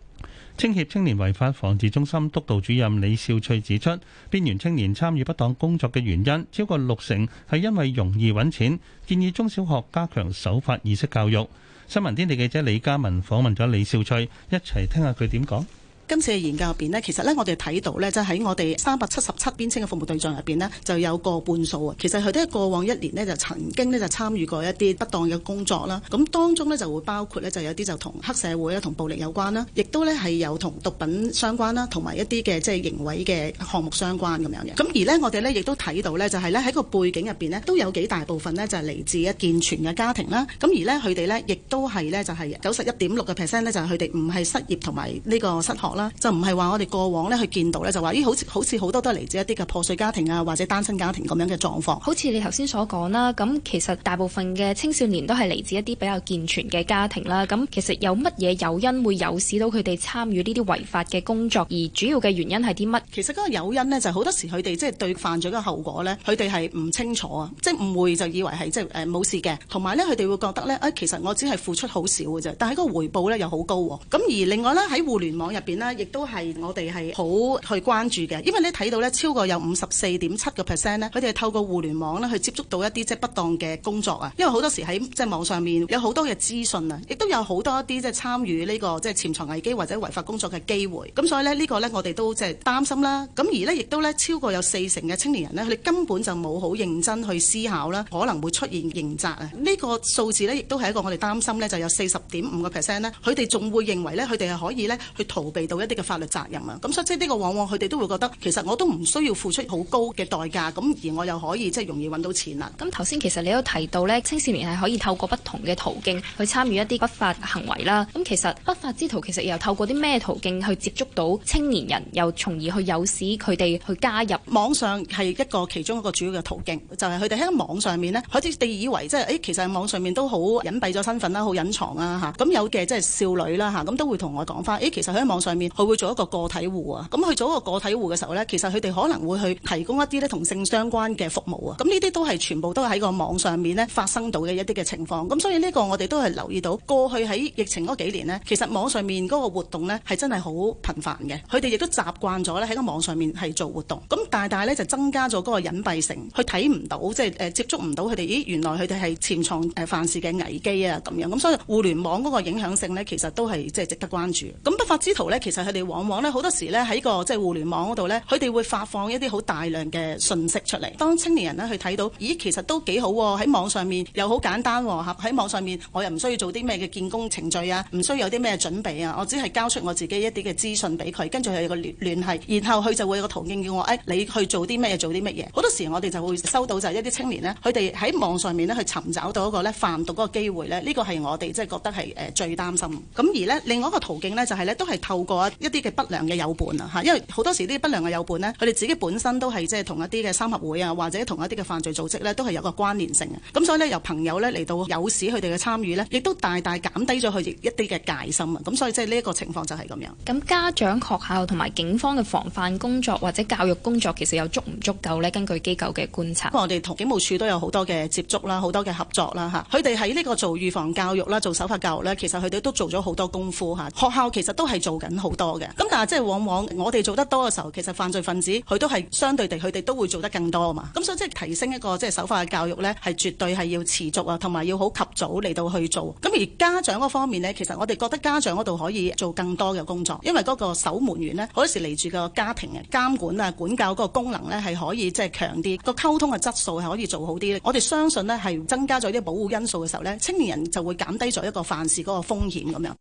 S4: 青協青年違法防治中心督導主任李少翠指出，邊緣青年參與不當工作嘅原因超過六成係因為容易揾錢，建議中小學加強守法意識教育。新聞天地記者李嘉文訪問咗李少翠，一齊聽下佢點講。
S15: 今次嘅研究入邊咧，其實咧我哋睇到咧，就喺即係我哋三百七十七邊稱嘅服務對象入邊咧，就有過半數啊。其實佢哋喺過往一年咧就曾經咧就參與過一啲不當嘅工作啦。咁當中咧就會包括咧就有啲就同黑社會啊同暴力有關啦，亦都咧係有同毒品相關啦，同埋一啲嘅即係營委嘅項目相關咁樣嘅。咁而咧我哋咧亦都睇到咧就係咧喺個背景入邊咧都有幾大部分咧就係嚟自一健全嘅家庭啦。咁而咧佢哋咧亦都係咧就係九十一點六嘅 percent 咧就係佢哋唔係失業同埋呢個失學。就唔係話我哋過往咧去見到咧就話咦、哎、好似好似好多都係嚟自一啲嘅破碎家庭啊或者單親家庭咁樣嘅狀況。好似你頭先所講啦，咁其實大部分嘅青
S14: 少年都係嚟自一啲比較健全嘅家庭啦。咁其實有乜嘢誘因會誘使到佢哋
S15: 參與呢啲違法嘅工作？而主要嘅原因係啲乜？其實嗰個誘因呢，就好多時佢哋即係對犯罪嘅後果呢，佢哋係唔清楚啊，即係誤會就以為係即係誒冇事嘅。同埋呢，佢哋會覺得呢，誒、哎、其實我只係付出好少嘅啫，但係個回報呢又好高啊。咁而另外呢，喺互聯網入邊亦都係我哋係好去關注嘅，因為你睇到咧超過有五十四點七個 percent 咧，佢哋係透過互聯網咧去接觸到一啲即係不當嘅工作啊。因為好多時喺即係網上面有好多嘅資訊啊，亦都有好多一啲即係參與呢個即係潛藏危機或者違法工作嘅機會。咁所以咧呢個咧我哋都即係擔心啦。咁而呢，亦都咧超過有四成嘅青年人咧，佢哋根本就冇好認真去思考啦，可能會出現刑責啊。呢、呢個數字咧亦都係一個我哋擔心咧，就有四十點五個 percent 咧，佢哋仲會認為咧佢哋係可以咧去逃避。有一啲嘅法律責任啊，咁所以即係呢個往往佢哋都會覺得，其實我都唔需要付出好高嘅代價，咁而我又可以即係、就是、容易揾到錢啦。咁頭先其實你都提到咧，青少年係可以
S14: 透過不同嘅途徑去參與一啲不法行為啦。咁其實不法之徒其實又透過啲咩
S15: 途徑去接觸到青年人，又從而去誘使佢哋去加入。網上係一個其中一個主要嘅途徑，就係佢哋喺網上面咧，好似哋以為即係誒其實喺網上面都好隱蔽咗身份啦，好隱藏啊吓，咁有嘅即係少女啦吓，咁、啊、都會同我講翻誒其實喺網上面。佢會做一個個體戶啊，咁佢做一個個體戶嘅時候呢，其實佢哋可能會去提供一啲咧同性相關嘅服務啊，咁呢啲都係全部都係喺個網上面咧發生到嘅一啲嘅情況，咁所以呢個我哋都係留意到過去喺疫情嗰幾年呢，其實網上面嗰個活動呢係真係好頻繁嘅，佢哋亦都習慣咗咧喺個網上面係做活動，咁大大咧就增加咗嗰個隱蔽性，佢睇唔到，即係誒接觸唔到佢哋，咦原來佢哋係潛藏誒犯事嘅危機啊咁樣，咁所以互聯網嗰個影響性呢，其實都係即係值得關注，咁不法之徒呢。其實佢哋往往咧，好多時咧喺個即係互聯網嗰度咧，佢哋會發放一啲好大量嘅信息出嚟。當青年人呢去睇到，咦，其實都幾好喎、哦！喺網上面又好簡單喎、哦，喺網上面我又唔需要做啲咩嘅見工程序啊，唔需要有啲咩準備啊，我只係交出我自己一啲嘅資訊俾佢，跟住佢有個聯繫，然後佢就會有個途徑叫我，誒、哎，你去做啲咩？做啲乜嘢？好多時我哋就會收到就係一啲青年呢，佢哋喺網上面咧去尋找到一個呢毒的一個販毒嗰個機會咧，呢個係我哋即係覺得係、呃、最擔心。咁而呢，另外一個途徑呢，就係、是、呢都係透過。一啲嘅不良嘅友伴啊，吓，因為好多時啲不良嘅友伴咧，佢哋自己本身都係即係同一啲嘅三合會啊，或者同一啲嘅犯罪組織咧，都係有個關聯性嘅。咁所以咧，由朋友咧嚟到誘使佢哋嘅參與咧，亦都大大減低咗佢哋一啲嘅戒心啊。咁所以即係呢一個情況就係咁樣，
S14: 咁家長學校同埋警方嘅防範工作或者教育工作，其實有足唔足
S15: 夠咧？根據機構嘅觀察，我哋同警務處都有好多嘅接觸啦，好多嘅合作啦，吓，佢哋喺呢個做預防教育啦，做守法教育咧，其實佢哋都做咗好多功夫吓。學校其實都係做緊好，多嘅，咁但係即係往往我哋做得多嘅時候，其實犯罪分子佢都係相對地，佢哋都會做得更多啊嘛。咁所以即係提升一個即係守法嘅教育呢，係絕對係要持續啊，同埋要好及早嚟到去做。咁而家長嗰方面呢，其實我哋覺得家長嗰度可以做更多嘅工作，因為嗰個守門員呢，好多時嚟住個家庭嘅監管啊、管教嗰個功能呢，係可以即係強啲，個溝通嘅質素係可以做好啲。我哋相信呢，係增加咗啲保護因素嘅時候呢，青年人就會減低咗一個犯事嗰個風險咁樣。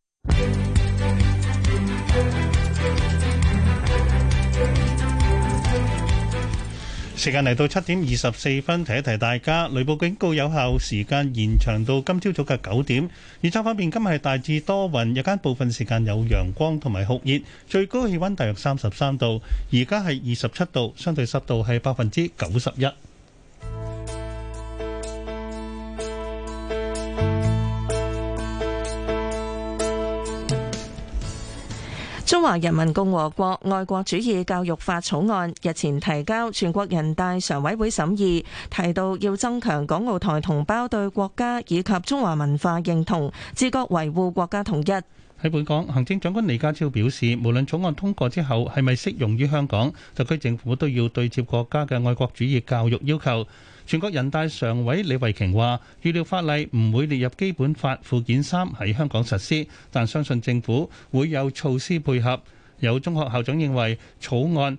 S4: 時間嚟到七點二十四分，提一提大家雷暴警告有效時間延長到今朝早嘅九點。預測方面，今日係大致多雲，日間部分時間有陽光同埋酷熱，最高氣溫大約三十三度，而家係二十七度，相對濕度係百分之九十一。
S3: 中華人民共和國愛國主義教育法草案日前提交全國人大常委會審議，提到要增強港澳台同胞對國家以及中華文化認同，自覺維護國家統一。
S4: 喺本港，行政長官李家超表示，無論草案通過之後，係咪適用於香港，特區政府都要對接國家嘅愛國主義教育要求。全國人大常委李慧瓊話：預料法例唔會列入基本法附件三喺香港實施，但相信政府會有措施配合。有中學校長認為草案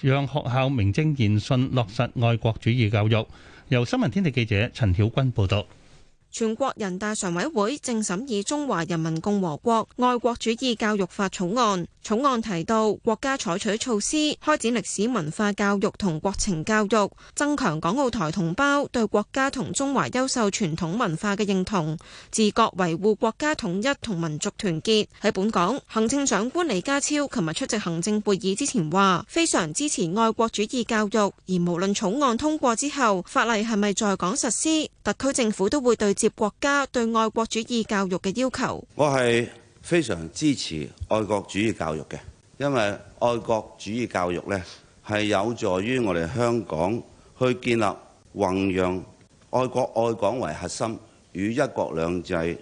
S4: 讓學校名正言順落實愛國主義教育。由新聞天地記者陳曉君報道。
S16: 全國人大常委會正審議《中華人民共和國愛國主義教育法》草案，草案提到國家採取措施開展歷史文化教育同國情教育，增強港澳台同胞對國家同中華優秀傳統文化嘅認同，自覺維護國家統一同民族團結。喺本港，行政長官李家超琴日出席行政會議之前話，非常支持愛國主義教育，而無論草案通過之後法例係咪在港實施，特區政府都會對。國家對愛國主義教育嘅要求，
S7: 我係非常支持愛國主義教育嘅，因為愛國主義教育呢係有助於我哋香港去建立弘揚愛國愛港為核心，與一國兩制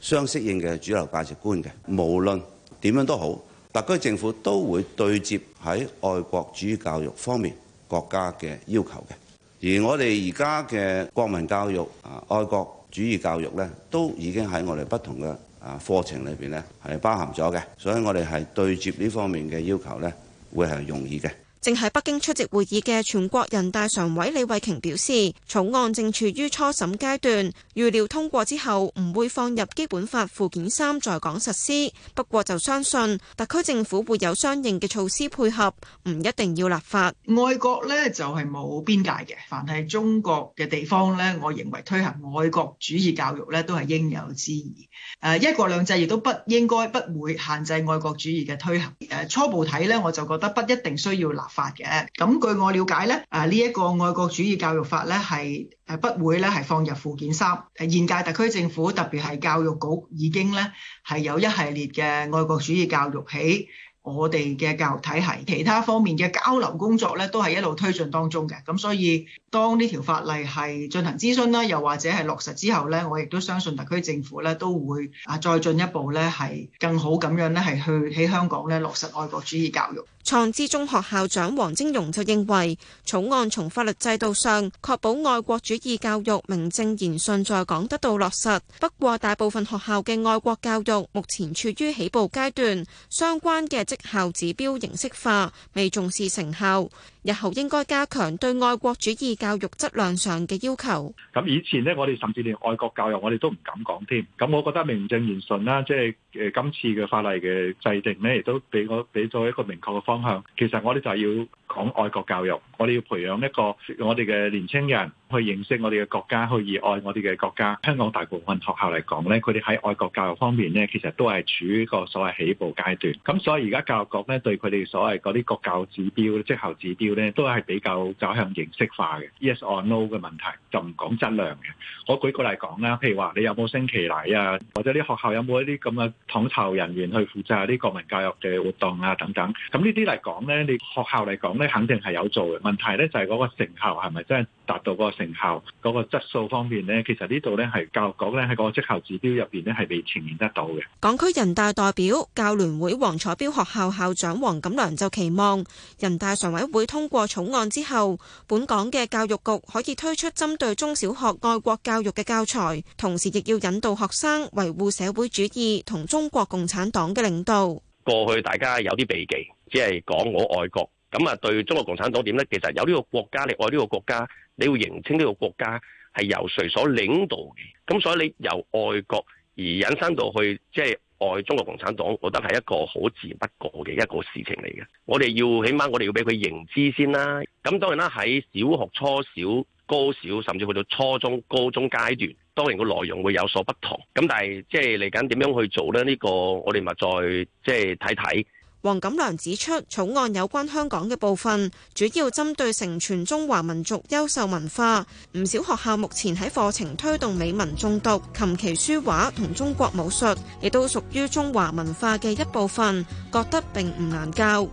S7: 相適應嘅主流價值觀嘅。無論點樣都好，特區政府都會對接喺愛國主義教育方面國家嘅要求嘅。而我哋而家嘅國民教育啊，愛國。主義教育咧，都已經喺我哋不同嘅啊課程裏面咧，係包含咗嘅，所以我哋係對接呢方面嘅要求咧，會係容易嘅。
S16: 正喺北京出席會議嘅全國人大常委李慧瓊表示，草案正處於初審階段，預料通過之後唔會放入基本法附件三在港實施。不過就相信特區政府會有相應嘅措施配合，唔一定要立法。愛國咧就係
S15: 冇邊界嘅，凡係中國嘅地方咧，我認為推行愛國主義教育咧都係應有之義。誒，一國兩制亦都不應該不會限制愛國主義嘅推行。誒，初步睇咧我就覺得不一定需要立法。法嘅，咁據我了解咧，啊呢一個愛國主義教育法咧係誒不會咧係放入附件三。誒現屆特區政府特別係教育局已經咧係有一系列嘅愛國主義教育喺我哋嘅教育體系，其他方面嘅交流工作咧都係一路推進當中嘅。咁所以當呢條法例係進行諮詢啦，又或者係落實之後咧，我亦都相信特區政府咧都會啊再進一步咧係更好咁樣咧係去喺香港咧落實愛國主義教育。
S16: 創知中學校長黃晶榕就認為，草案從法律制度上確保愛國主義教育名正言順，在港得到落實。不過，大部分學校嘅愛國教育目前處於起步階段，相關嘅績效指標形式化，未重視成效。日後應該加強對愛國主義教育質量上嘅要求。
S1: 咁以前咧，我哋甚至連愛國教育我哋都唔敢講添。咁我覺得名正言順啦，即係誒，今次嘅法例嘅制定咧，亦都俾我俾咗一個明確嘅方向。其實我哋就係要。講愛國教育，我哋要培養一個我哋嘅年青人去認識我哋嘅國家，去熱愛我哋嘅國家。香港大部分學校嚟講咧，佢哋喺愛國教育方面咧，其實都係處於個所謂起步階段。咁所以而家教育局咧對佢哋所謂嗰啲國教指標、績效指標咧，都係比較走向形式化嘅，yes or no 嘅問題，就唔講質量嘅。我舉個例講啦，譬如話你有冇升旗禮啊，或者啲學校有冇一啲咁嘅統籌人員去負責啲國民教育嘅活動啊等等。咁呢啲嚟講咧，你學校嚟講。肯定係有做嘅，問題呢就係嗰個成效係咪真係達到嗰個成效，嗰、嗰個質素方面呢，其實這裡呢度呢係教育局呢喺嗰個績效指標入邊呢，係未呈現得到嘅。
S16: 港區人大代表、教聯會黃彩標學校校、校長黃錦良就期望人大常委會通過草案之後，本港嘅教育局可以推出針對中小學愛國教育嘅教材，同時亦要引導學生維護社會主義同中國共產黨嘅領導。
S8: 過去大家有啲避忌，只係講我愛國。咁啊，對中國共產黨點呢？其實有呢個國家你愛呢個國家，你要認清呢個國家係由誰所領導嘅。咁所以你由愛國而引申到去，即係愛中國共產黨，我覺得係一個好自然不過嘅一個事情嚟嘅。我哋要起碼我哋要俾佢認知先啦。咁當然啦，喺小學、初小、高小，甚至去到初中、高中階段，當然個內容會有所不同。咁但係即係嚟緊點樣去做呢？呢個我哋咪再即係睇睇。
S16: 黃錦良指出，草案有關香港嘅部分，主要針對承傳中華民族優秀文化。唔少學校目前喺課程推動美文誦讀，琴棋書畫同中國武術，亦都屬於中華文化嘅一部分，覺得並唔難教。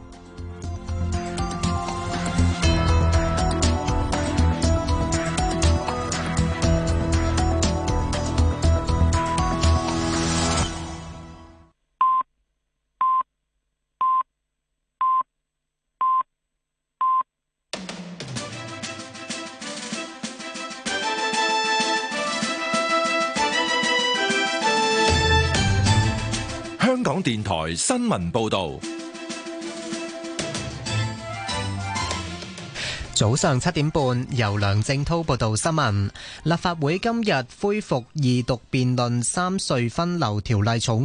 S1: 香港電台新聞報道。早上七
S2: 點半，由梁正滔報道新聞。立法會今日恢復二讀辯論《三隧分流條例草案》，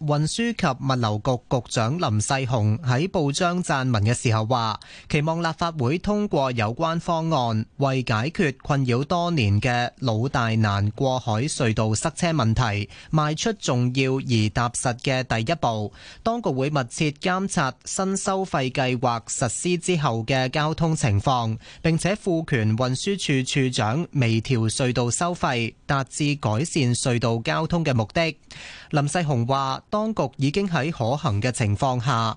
S2: 運輸及物流局局長林世雄喺報章撰文嘅時候話：期望立法會通過有關方案，為解決困擾多年嘅老大難過海隧道塞車問題，邁出重要而踏實嘅第一步。當局會密切監察新收費計劃實施之後嘅交通情況。並且賦權運輸處處長微調隧道收費，達至改善隧道交通嘅目的。林世雄話：當局已經喺可行嘅情況下。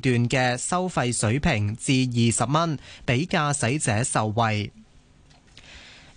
S2: 段嘅收費水平至二十蚊，俾駕駛者受惠。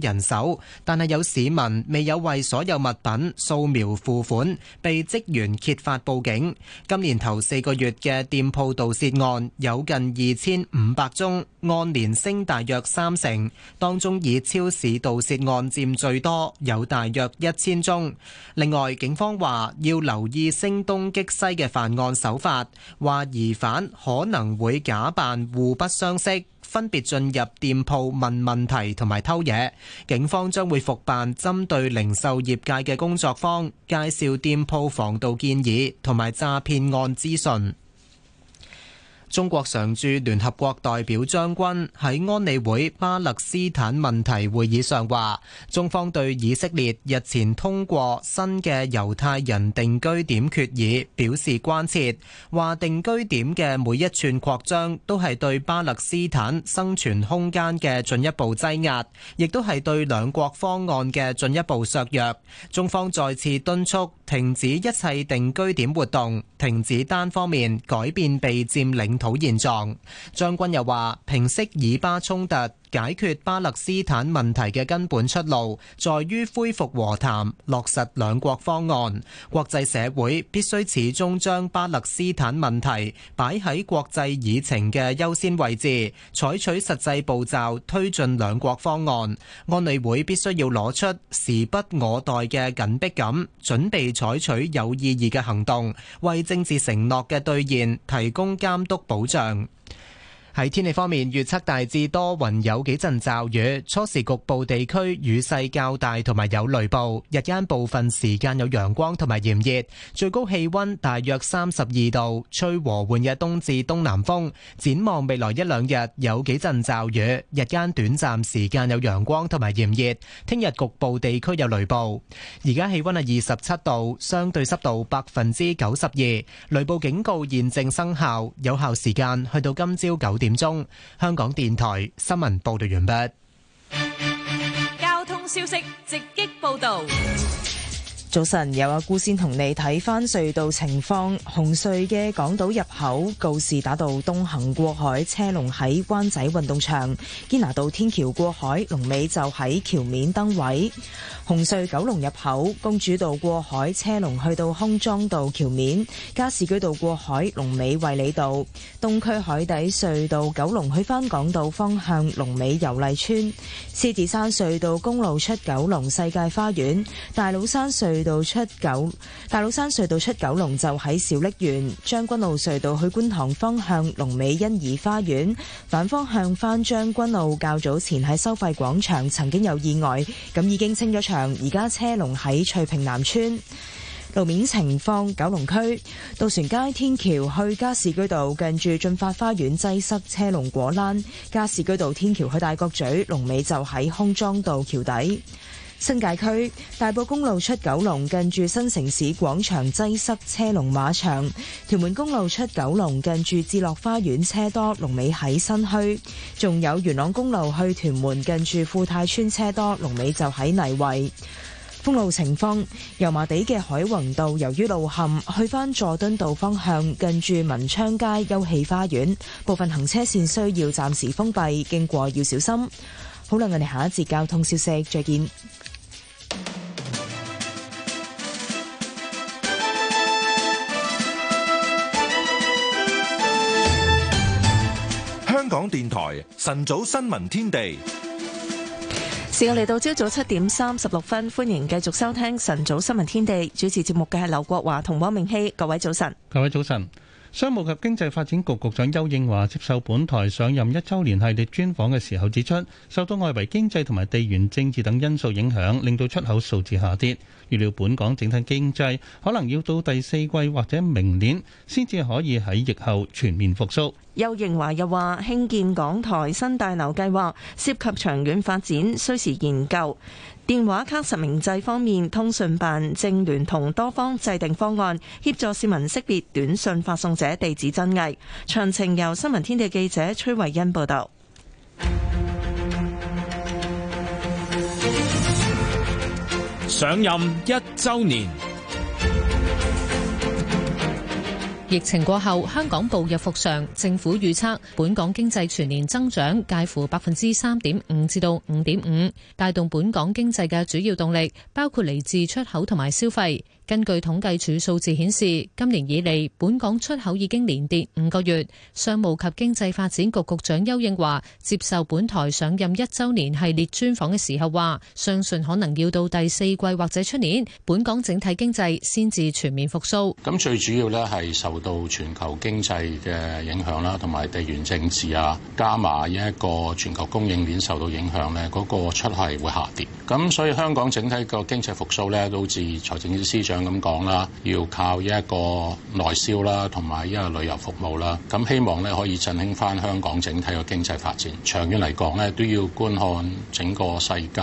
S2: 人手，但係有市民未有為所有物品掃描付款，被職員揭發報警。今年頭四個月嘅店鋪盜竊案有近二千五百宗，按年升大約三成。當中以超市盜竊案佔最多，有大約一千宗。另外，警方話要留意聲東擊西嘅犯案手法，話疑犯可能會假扮互不相識。分別進入店鋪問問題同埋偷嘢，警方將會復辦針對零售業界嘅工作坊，介紹店鋪防盜建議同埋詐騙案資訊。中國常駐聯合國代表張軍喺安理會巴勒斯坦問題會議上話，中方對以色列日前通過新嘅猶太人定居點決議表示關切，話定居點嘅每一寸擴張都係對巴勒斯坦生存空間嘅進一步擠壓，亦都係對兩國方案嘅進一步削弱。中方再次敦促停止一切定居點活動，停止單方面改變被佔領土。好現狀，將軍又話平息以巴衝突。解決巴勒斯坦問題嘅根本出路，在於恢復和談、落實兩國方案。國際社會必須始終將巴勒斯坦問題擺喺國際議程嘅優先位置，採取實際步驟推進兩國方案。安理會必須要攞出時不我待嘅緊迫感，準備採取有意義嘅行動，為政治承諾嘅兌現提供監督保障。喺天氣方面預測大致多雲有幾陣驟雨，初時局部地區雨勢較大同埋有雷暴，日間部分時間有陽光同埋炎熱，最高氣溫大約三十二度，吹和緩嘅東至東南風。展望未來一兩日有幾陣驟雨，日間短暫時間有陽光同埋炎熱，聽日局部地區有雷暴。而家氣溫係二十七度，相對濕度百分之九十二，雷暴警告現正生效，有效時間去到今朝九點。點鐘，香港電台新聞報道完畢。
S11: 交通消息直擊報道。
S10: 早晨，有阿姑先同你睇翻隧道情況。紅隧嘅港島入口告士打道東行過海，車龍喺灣仔運動場堅拿道天橋過海，龍尾就喺橋面燈位。紅隧九龍入口公主道過海，車龍去到康莊道橋面，加士居道過海，龍尾衛理道。東區海底隧道九龍去翻港島方向，龍尾游麗村獅子山隧道公路出九龍世界花園，大老山隧。到出九大老山隧道，出九龍就喺小瀝源。將軍澳隧道去觀塘方向龍尾欣怡花園，反方向返將軍澳，較早前喺收費廣場曾經有意外，咁已經清咗場，而家車龍喺翠屏南村。路面情況，九龍區渡船街天橋去加士居道近住駿發花園擠塞車龍果欄，加士居道天橋去大角咀龍尾就喺康莊道橋底。新界區大埔公路出九龍近住新城市廣場擠塞車龍馬場。屯門公路出九龍近住智樂花園車多龍尾喺新墟，仲有元朗公路去屯門近住富泰村車多龍尾就喺泥圍。封路情況，油麻地嘅海泓道由於路陷，去翻佐敦道方向近住文昌街休憩花園，部分行車線需要暫時封閉，經過要小心。好啦，我哋下一節交通消息再見。
S1: 香港電台晨早新聞天地，
S3: 時間嚟到朝早七點三十六分，歡迎繼續收聽晨早新聞天地。主持節目嘅係劉國華同汪明熙，各位早晨，
S4: 各位早晨。商務及經濟發展局局長邱應華接受本台上任一週年系列專訪嘅時候指出，受到外圍經濟同埋地緣政治等因素影響，令到出口數字下跌。預料本港整體經濟可能要到第四季或者明年先至可以喺疫後全面復甦。
S3: 邱應華又話，興建港台新大樓計劃涉及長遠發展，需時研究。電話卡實名制方面，通訊辦正聯同多方制定方案，協助市民識別短信發送者地址真偽。詳情由新聞天地記者崔慧恩報道。
S8: 上任一週年。
S11: 疫情過後，香港步入復常，政府預測本港經濟全年增長介乎百分之三點五至到五點五，帶動本港經濟嘅主要動力包括嚟自出口同埋消費。根據統計處數字顯示，今年以嚟本港出口已經連跌五個月。商務及經濟發展局局長邱應華接受本台上任一週年系列專訪嘅時候話，相信可能要到第四季或者出年，本港整體經濟先至全面復甦。
S17: 咁最主要呢係受到全球經濟嘅影響啦，同埋地緣政治啊，加埋呢一個全球供應鏈受到影響呢，嗰個出係會下跌。咁所以香港整體個經濟復甦呢，導致財政司司長。咁講啦，要靠一個內銷啦，同埋一個旅遊服務啦。咁希望咧可以振興翻香港整體嘅經濟發展。長遠嚟講咧，都要觀看整個世界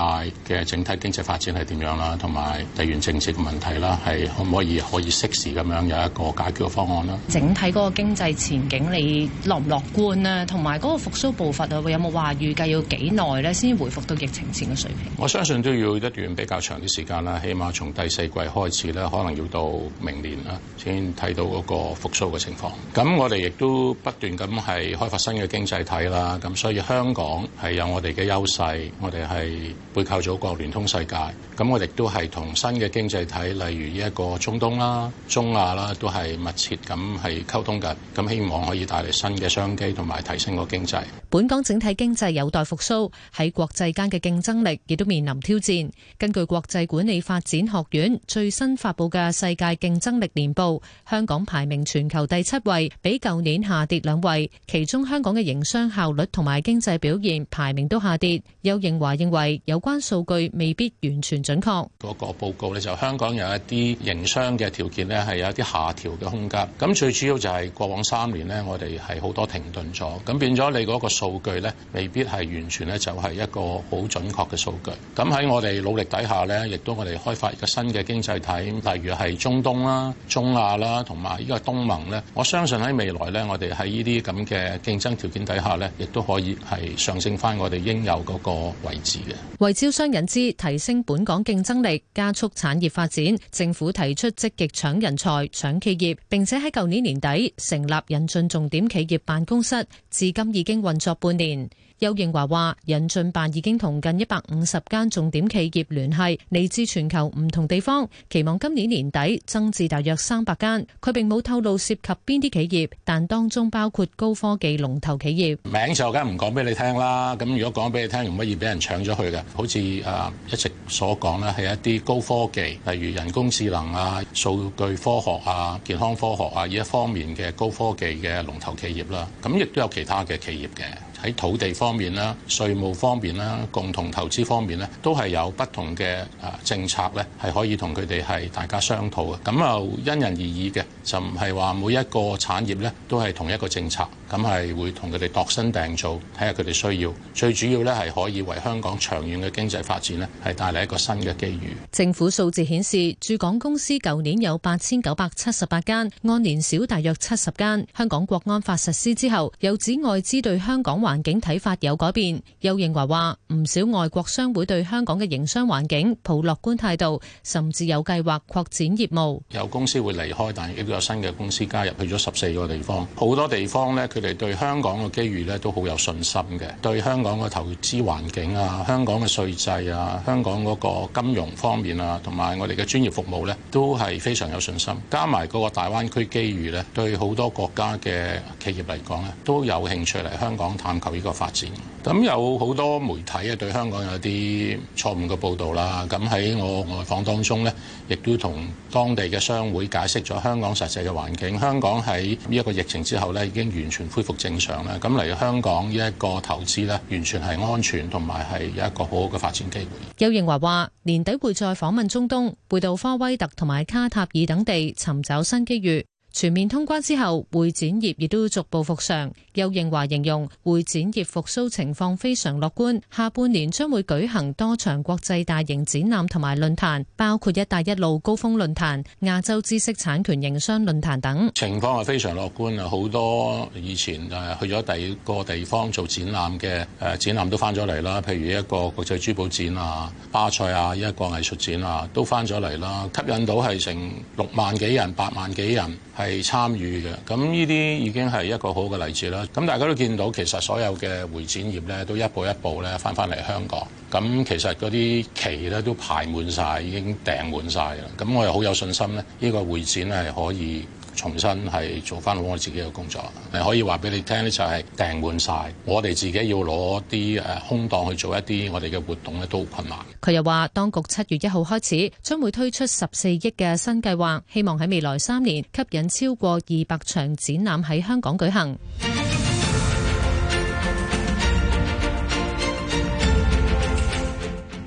S17: 嘅整體經濟發展係點樣啦，同埋地緣政治嘅問題啦，係可唔可以可以適時咁樣有一個解決嘅方案啦？
S11: 整體嗰個經濟前景你樂唔樂觀啊？同埋嗰個復甦步伐啊，會有冇話預計要幾耐咧先回復到疫情前嘅水平？
S17: 我相信都要一段比較長嘅時間啦，起碼從第四季開始咧。可能要到明年啦，先睇到嗰個復甦嘅情況。咁我哋亦都不斷咁係開發新嘅經濟體啦。咁所以香港係有我哋嘅優勢，我哋係背靠祖國，聯通世界。咁我哋都係同新嘅經濟體，例如呢一個中東啦、中亞啦，都係密切咁係溝通㗎。咁希望可以帶嚟新嘅商機同埋提升個經濟。
S11: 本港整體經濟有待復甦，喺國際間嘅競爭力亦都面臨挑戰。根據國際管理發展學院最新發布嘅《世界競爭力年報》，香港排名全球第七位，比舊年下跌兩位。其中香港嘅營商效率同埋經濟表現排名都下跌。邱盈華認為有關數據未必完全準準確
S17: 嗰個報告咧，就香港有一啲營商嘅條件咧，係有一啲下調嘅空間。咁最主要就係過往三年咧，我哋係好多停頓咗，咁變咗你嗰個數據咧，未必係完全咧就係一個好準確嘅數據。咁喺我哋努力底下咧，亦都我哋開發一個新嘅經濟體，例如係中東啦、中亞啦，同埋依個東盟咧。我相信喺未來咧，我哋喺呢啲咁嘅競爭條件底下咧，亦都可以係上升翻我哋應有嗰個位置嘅。
S11: 為招商引資提升本港競爭力加速產業發展，政府提出積極搶人才、搶企業，並且喺舊年年底成立引進重點企業辦公室，至今已經運作半年。邱應華話，引進辦已經同近一百五十間重點企業聯繫，嚟自全球唔同地方，期望今年年底增至大約三百間。佢並冇透露涉及邊啲企業，但當中包括高科技龍頭企業。
S17: 名就梗唔講俾你聽啦。咁如果講俾你聽，容乜易俾人搶咗去嘅？好似誒，一直所講咧，係一啲高科技，例如人工智能啊、數據科學啊、健康科學啊，呢一方面嘅高科技嘅龍頭企業啦。咁亦都有其他嘅企業嘅。喺土地方面啦、稅務方面啦、共同投資方面咧，都係有不同嘅啊政策咧，係可以同佢哋係大家商討嘅。咁啊因人而異嘅，就唔係話每一個產業咧都係同一個政策，咁係會同佢哋度身訂造，睇下佢哋需要。最主要咧，係可以為香港長遠嘅經濟發展咧，係帶嚟一個新嘅機遇。
S11: 政府數字顯示，駐港公司舊年有八千九百七十八間，按年少大約七十間。香港國安法實施之後，有指外資對香港環境睇法有改變，又認為話唔少外國商會對香港嘅營商環境抱樂觀態度，甚至有計劃擴展業務。
S17: 有公司會離開，但亦都有新嘅公司加入，去咗十四個地方。好多地方呢，佢哋對香港嘅機遇呢都好有信心嘅。對香港嘅投資環境啊、香港嘅稅制啊、香港嗰個金融方面啊，同埋我哋嘅專業服務呢，都係非常有信心。加埋嗰個大灣區機遇呢，對好多國家嘅企業嚟講呢，都有興趣嚟香港探。求呢個發展，咁有好多媒體啊對香港有啲錯誤嘅報導啦。咁喺我外訪當中呢，亦都同當地嘅商會解釋咗香港實際嘅環境。香港喺呢一個疫情之後呢，已經完全恢復正常啦。咁嚟香港呢一個投資呢，完全係安全同埋係有一個好好嘅發展機會。
S11: 丘應樺話：年底會再訪問中東，回到科威特同埋卡塔爾等地，尋找新機遇。全面通關之後會展業亦都逐步復常。邱應華形容會展業復蘇情況非常樂觀，下半年將會舉行多場國際大型展覽同埋論壇，包括「一帶一路」高峰論壇、亞洲知識產權營商論壇等。
S17: 情況係非常樂觀啊！好多以前誒去咗第二個地方做展覽嘅誒展覽都翻咗嚟啦。譬如一個國際珠寶展啊、巴塞啊一個藝術展啊，都翻咗嚟啦，吸引到係成六萬幾人、八萬幾人。係參與嘅，咁呢啲已經係一個好嘅例子啦。咁大家都見到，其實所有嘅會展業呢都一步一步咧翻翻嚟香港。咁其實嗰啲期咧都排滿晒，已經訂滿晒啦。咁我又好有信心呢，呢個會展係可以。重新係做翻好我自己嘅工作，係可以話俾你聽呢就係訂滿晒。我哋自己要攞啲誒空檔去做一啲我哋嘅活動咧，都好困難。
S11: 佢又話，當局七月一號開始將會推出十四億嘅新計劃，希望喺未來三年吸引超過二百場展覽喺香港舉行。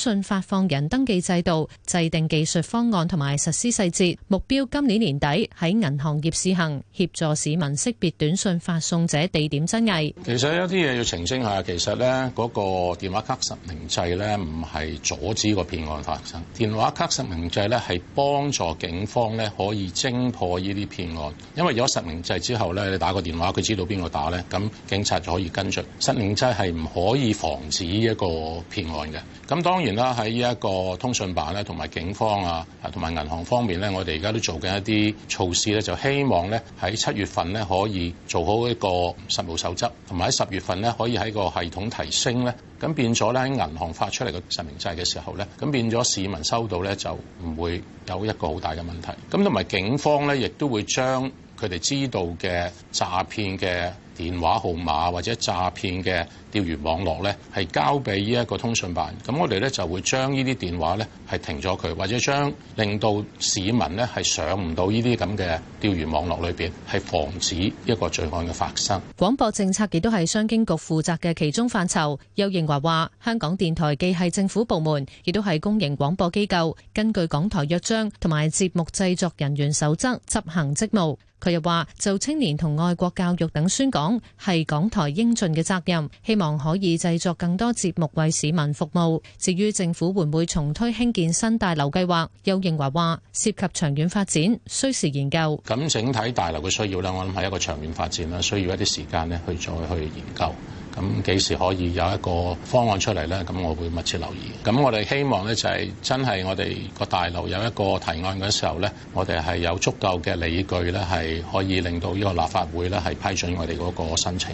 S11: 信發放人登記制度制定技術方案同埋實施細節，目標今年年底喺銀行業試行，協助市民識別短信發送者地點真偽。
S17: 其實有啲嘢要澄清下，其實呢嗰個電話卡實名制呢唔係阻止個騙案發生，電話卡實名制呢係幫助警方呢可以偵破呢啲騙案，因為有實名制之後呢，你打個電話，佢知道邊個打呢，咁警察就可以跟進。實名制係唔可以防止一個騙案嘅，咁當然。而家喺呢一個通訊辦咧，同埋警方啊，啊同埋銀行方面咧，我哋而家都做緊一啲措施咧，就希望咧喺七月份咧可以做好一個實務守則，同埋喺十月份咧可以喺個系統提升咧，咁變咗咧喺銀行發出嚟嘅實名制嘅時候咧，咁變咗市民收到咧就唔會有一個好大嘅問題。咁同埋警方咧，亦都會將佢哋知道嘅詐騙嘅。電話號碼或者詐騙嘅釣魚網絡呢，係交俾呢一個通訊辦。咁我哋呢，就會將呢啲電話呢，係停咗佢，或者將令到市民呢，係上唔到呢啲咁嘅釣魚網絡裏邊，係防止一個罪案嘅發生。
S11: 廣播政策亦都係商經局負責嘅其中範疇。邱應華話：香港電台既係政府部門，亦都係公營廣播機構，根據港台約章同埋節目製作人員守則執行職務。佢又話：就青年同愛國教育等宣講係港台應盡嘅責任，希望可以製作更多節目為市民服務。至於政府會唔會重推興建新大樓計劃，又認為話涉及長遠發展，需時研究。
S17: 咁整體大樓嘅需要呢，我諗係一個長遠發展啦，需要一啲時間呢去再去研究。咁幾時可以有一個方案出嚟咧？咁我會密切留意。咁我哋希望咧，就係真係我哋個大樓有一個提案嘅時候咧，我哋係有足夠嘅理據咧，係可以令到呢個立法會咧，係批准我哋嗰個申請。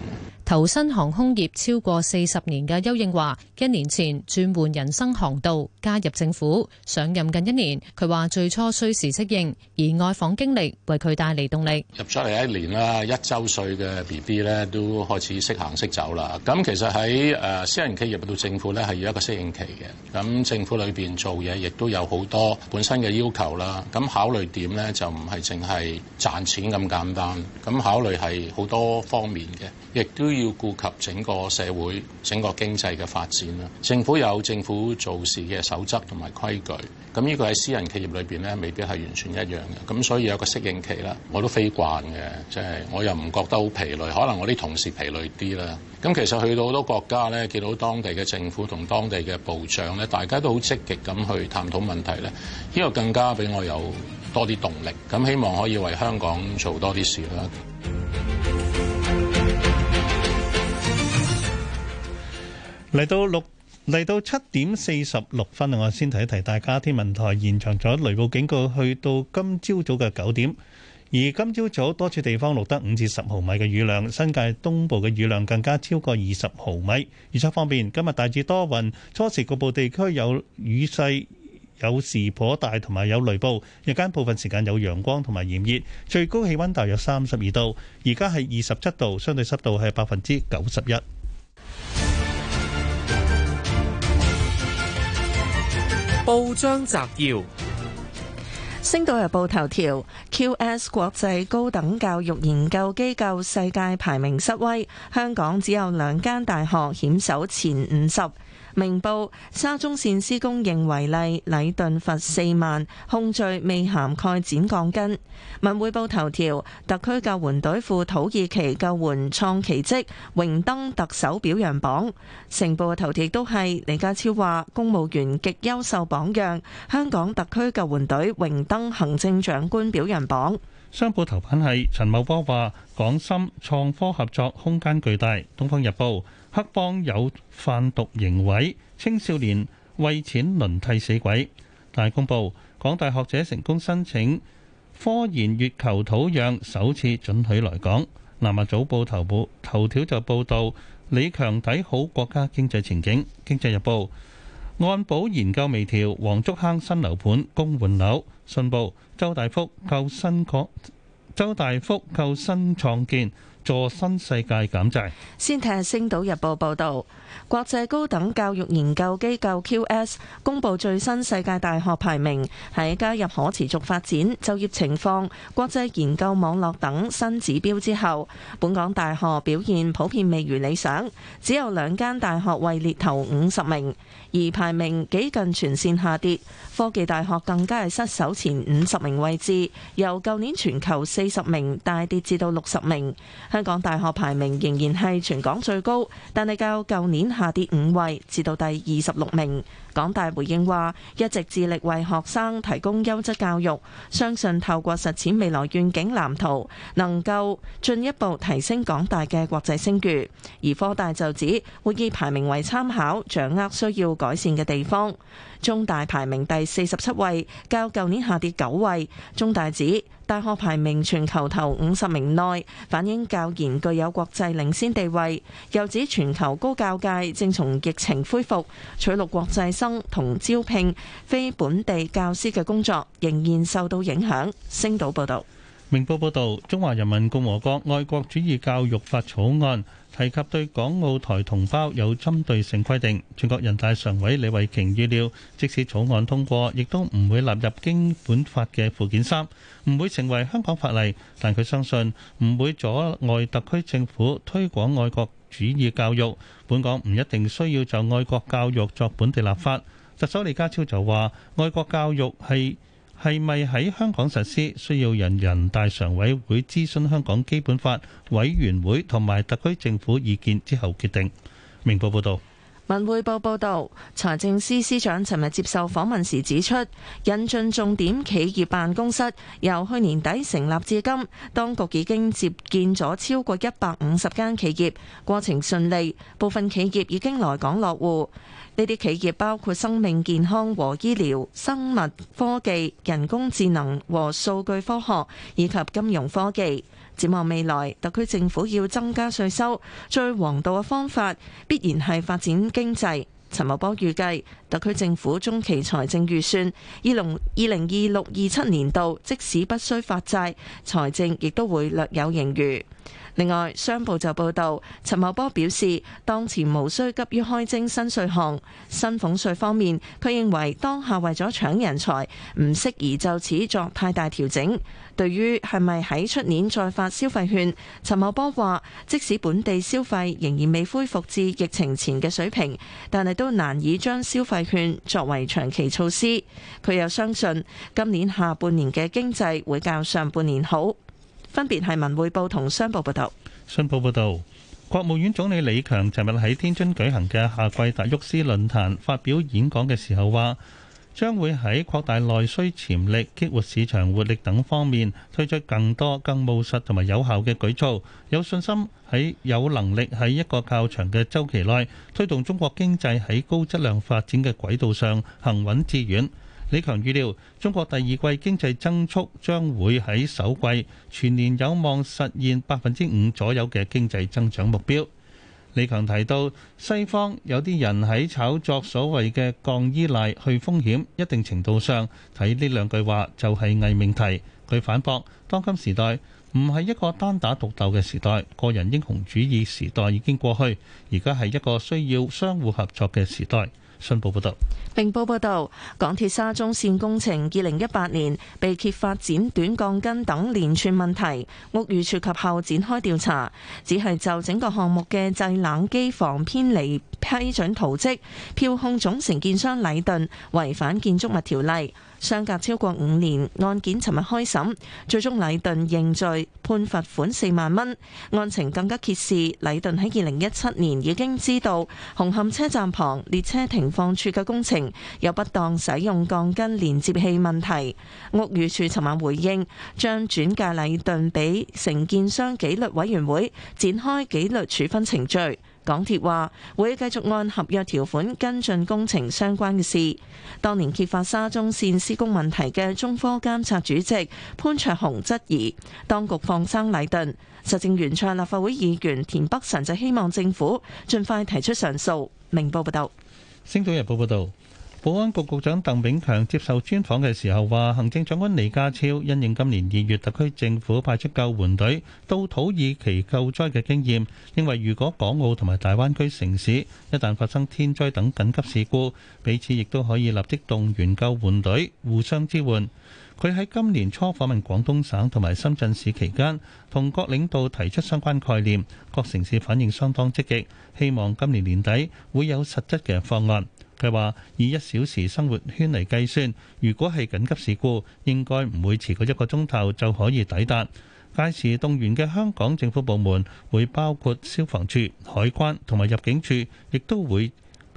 S11: 投身航空業超過四十年嘅邱應華，一年前轉換人生航道，加入政府，上任近一年。佢話最初需時適應，而外訪經歷為佢帶嚟動力。
S17: 入咗嚟一年啦，一周歲嘅 BB 咧都開始識行識走啦。咁其實喺誒私人企業入到政府咧係要一個適應期嘅。咁政府裏邊做嘢亦都有好多本身嘅要求啦。咁考慮點咧就唔係淨係賺錢咁簡單，咁考慮係好多方面嘅，亦都。要顧及整個社會、整個經濟嘅發展啦。政府有政府做事嘅守則同埋規矩，咁呢個喺私人企業裏邊咧，未必係完全一樣嘅。咁所以有個適應期啦。我都飛慣嘅，即係我又唔覺得好疲累。可能我啲同事疲累啲啦。咁其實去到好多國家咧，見到當地嘅政府同當地嘅部長咧，大家都好積極咁去探討問題咧，呢個更加俾我有多啲動力。咁希望可以為香港做多啲事啦。
S4: 嚟到六嚟到七點四十六分，我先提一提，大家天文台延長咗雷暴警告，去到今朝早嘅九點。而今朝早，早多處地方錄得五至十毫米嘅雨量，新界東部嘅雨量更加超過二十毫米。預測方面，今日大致多雲，初時局部地區有雨勢有，有時頗大，同埋有雷暴。日間部分時間有陽光同埋炎熱，最高氣溫大約三十二度。而家係二十七度，相對濕度係百分之九十一。報章摘要：
S3: 《星島日報頭條》頭條，QS 國際高等教育研究機構世界排名失威，香港只有兩間大學險守前五十。明報沙中線施工仍違例，禮頓罰四萬，控罪未涵蓋剪鋼筋。文匯報頭條：特區救援隊赴土耳其救援創奇迹，榮登特首表揚榜。成報嘅頭條亦都係李家超話公務員極優秀榜樣，香港特區救援隊榮登行政長官表揚榜。
S4: 商報頭版係陳茂波話港深創科合作空間巨大。東方日報。黑幫有販毒營位，青少年為錢輪替死鬼。大公報：港大學者成功申請科研月球土壤，首次准許來港。南華早報頭版頭條就報道李強睇好國家經濟前景。經濟日報：按保研究微調，黃竹坑新樓盤供換樓。信報：周大福購新創，周大福購新創建。助新世界減債。
S3: 先睇下《星島日報》報道，國際高等教育研究機構 QS 公佈最新世界大學排名，喺加入可持續發展、就業情況、國際研究網絡等新指標之後，本港大學表現普遍未如理想，只有兩間大學位列頭五十名，而排名幾近全線下跌。科技大學更加係失守前五十名位置，由舊年全球四十名大跌至到六十名。香港大學排名仍然係全港最高，但係較舊年下跌五位，至到第二十六名。港大回應話：一直致力為學生提供優質教育，相信透過實踐未來願景藍圖，能夠進一步提升港大嘅國際聲譽。而科大就指會以排名為參考，掌握需要改善嘅地方。中大排名第四十七位，較舊年下跌九位。中大指，大學排名全球頭五十名內，反映教研具有國際領先地位。又指全球高教界正從疫情恢復，取錄國際生同招聘非本地教師嘅工作仍然受到影響。星島報
S4: 道。明報報導，中華人民共和國《愛國主義教育法》草案提及對港澳台同胞有針對性規定。全國人大常委李慧瓊預料，即使草案通過，亦都唔會納入基本法嘅附件三，唔會成為香港法例。但佢相信唔會阻礙特區政府推廣愛國主義教育。本港唔一定需要就愛國教育作本地立法。特首李家超就話：愛國教育係，係咪喺香港實施，需要人人大常委會諮詢香港基本法委員會同埋特區政府意見之後決定？明報報導。
S3: 文匯報報道，財政司司長尋日接受訪問時指出，引進重點企業辦公室由去年底成立至今，當局已經接見咗超過一百五十間企業，過程順利，部分企業已經來港落戶。呢啲企業包括生命健康和醫療、生物科技、人工智能和數據科學以及金融科技。展望未來，特區政府要增加稅收，最王道嘅方法必然係發展經濟。陳茂波預計，特區政府中期財政預算，二零二六、二七年度，即使不需發債，財政亦都會略有盈餘。另外，商報就報道，陳茂波表示，當前無需急於開徵新稅項。新俸稅方面，佢認為當下為咗搶人才，唔適宜就此作太大調整。對於係咪喺出年再發消費券，陳茂波話即使本地消費仍然未恢復至疫情前嘅水平，但係都難以將消費券作為長期措施。佢又相信今年下半年嘅經濟會較上半年好。分別係文匯報同商報報導。
S4: 信報報導，國務院總理李強尋日喺天津舉行嘅夏季達沃斯論壇發表演講嘅時候話，將會喺擴大內需潛力、激活市場活力等方面推出更多更務實同埋有效嘅舉措，有信心喺有能力喺一個較長嘅週期內推動中國經濟喺高質量發展嘅軌道上行穩致遠。李強預料，中國第二季經濟增速，將會喺首季全年，有望實現百分之五左右嘅經濟增長目標。李強提到，西方有啲人喺炒作所謂嘅降依賴去風險，一定程度上睇呢兩句話就係偽命題。佢反駁，當今時代唔係一個單打獨鬥嘅時代，個人英雄主義時代已經過去，而家係一個需要相互合作嘅時代。信報報導，
S3: 明報報道：港鐵沙中線工程二零一八年被揭發剪短鋼筋等連串問題，屋宇署及後展開調查，只係就整個項目嘅製冷機房偏離批准圖則，票控總承建商禮頓違反建築物條例。相隔超過五年，案件尋日開審，最終禮頓認罪，判罰款四萬蚊。案情更加揭示，禮頓喺二零一七年已經知道紅磡車站旁列車停放處嘅工程有不當使用鋼筋連接器問題。屋宇署尋晚回應，將轉介禮頓俾承建商紀律委員會，展開紀律處分程序。港鐵話會繼續按合約條款跟進工程相關嘅事。當年揭發沙中線施工問題嘅中科監察主席潘卓雄質疑當局放生禮頓。實政圓桌立法會議員田北辰就希望政府盡快提出上訴。明報報道，
S4: 《星島日報》報道。保安局局長鄧炳強接受專訪嘅時候話，行政長官李家超因應今年二月特區政府派出救援隊到土耳其救災嘅經驗，認為如果港澳同埋大灣區城市一旦發生天災等緊急事故，彼此亦都可以立即動員救援隊互相支援。佢喺今年初訪問廣東省同埋深圳市期間，同各領導提出相關概念，各城市反應相當積極，希望今年年底會有實質嘅方案。佢話以一小時生活圈嚟計算，如果係緊急事故，應該唔會遲過一個鐘頭就可以抵達，屆時動員嘅香港政府部門會包括消防處、海關同埋入境處，亦都會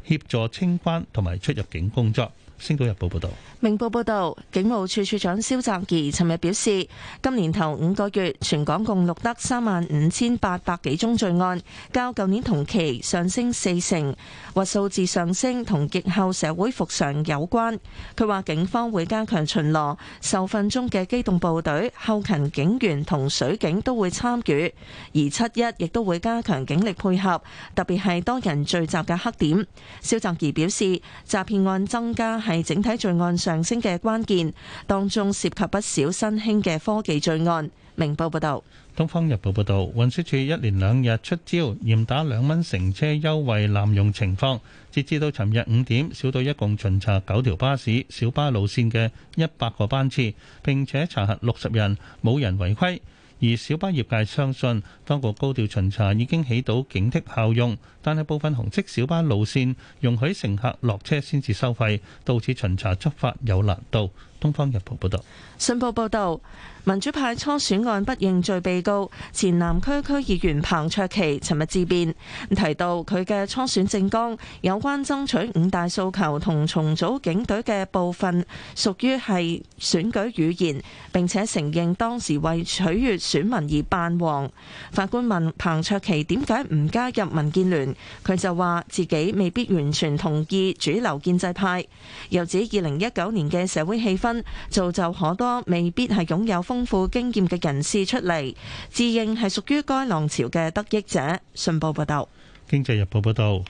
S4: 協助清關同埋出入境工作。《星島日報》報道，
S3: 明報報道，警務處處長蕭澤頤尋日表示，今年頭五個月，全港共錄得三萬五千八百幾宗罪案，較舊年同期上升四成。話數字上升同疫後社會復常有關。佢話警方會加強巡邏，受訓中嘅機動部隊、後勤警員同水警都會參與，而七一亦都會加強警力配合，特別係多人聚集嘅黑點。蕭澤頤表示，詐騙案增加。係整體罪案上升嘅關鍵，當中涉及不少新興嘅科技罪案。明報報道。
S4: 東方日報報道，運輸署一連兩日出招，嚴打兩蚊乘車優惠濫用情況。截至到尋日五點，小隊一共巡查九條巴士、小巴路線嘅一百個班次，並且查核六十人，冇人違規。而小巴業界相信，當局高調巡查已經起到警惕效用，但係部分紅色小巴路線容許乘客落車先至收費，導致巡查執法有難度。東方日報報道，《
S3: 信報》報導，民主派初選案不認罪被告前南區區議員彭卓棋，尋日自辯，提到佢嘅初選政綱有關爭取五大訴求同重組警隊嘅部分，屬於係選舉語言。並且承認當時為取悅選民而扮黃。法官問彭卓棋點解唔加入民建聯，佢就話自己未必完全同意主流建制派，又指二零一九年嘅社會氣氛。造就可多未必係擁有豐富經驗嘅人士出嚟，自認係屬於該浪潮嘅得益者。信
S4: 報報道，經濟日報報道，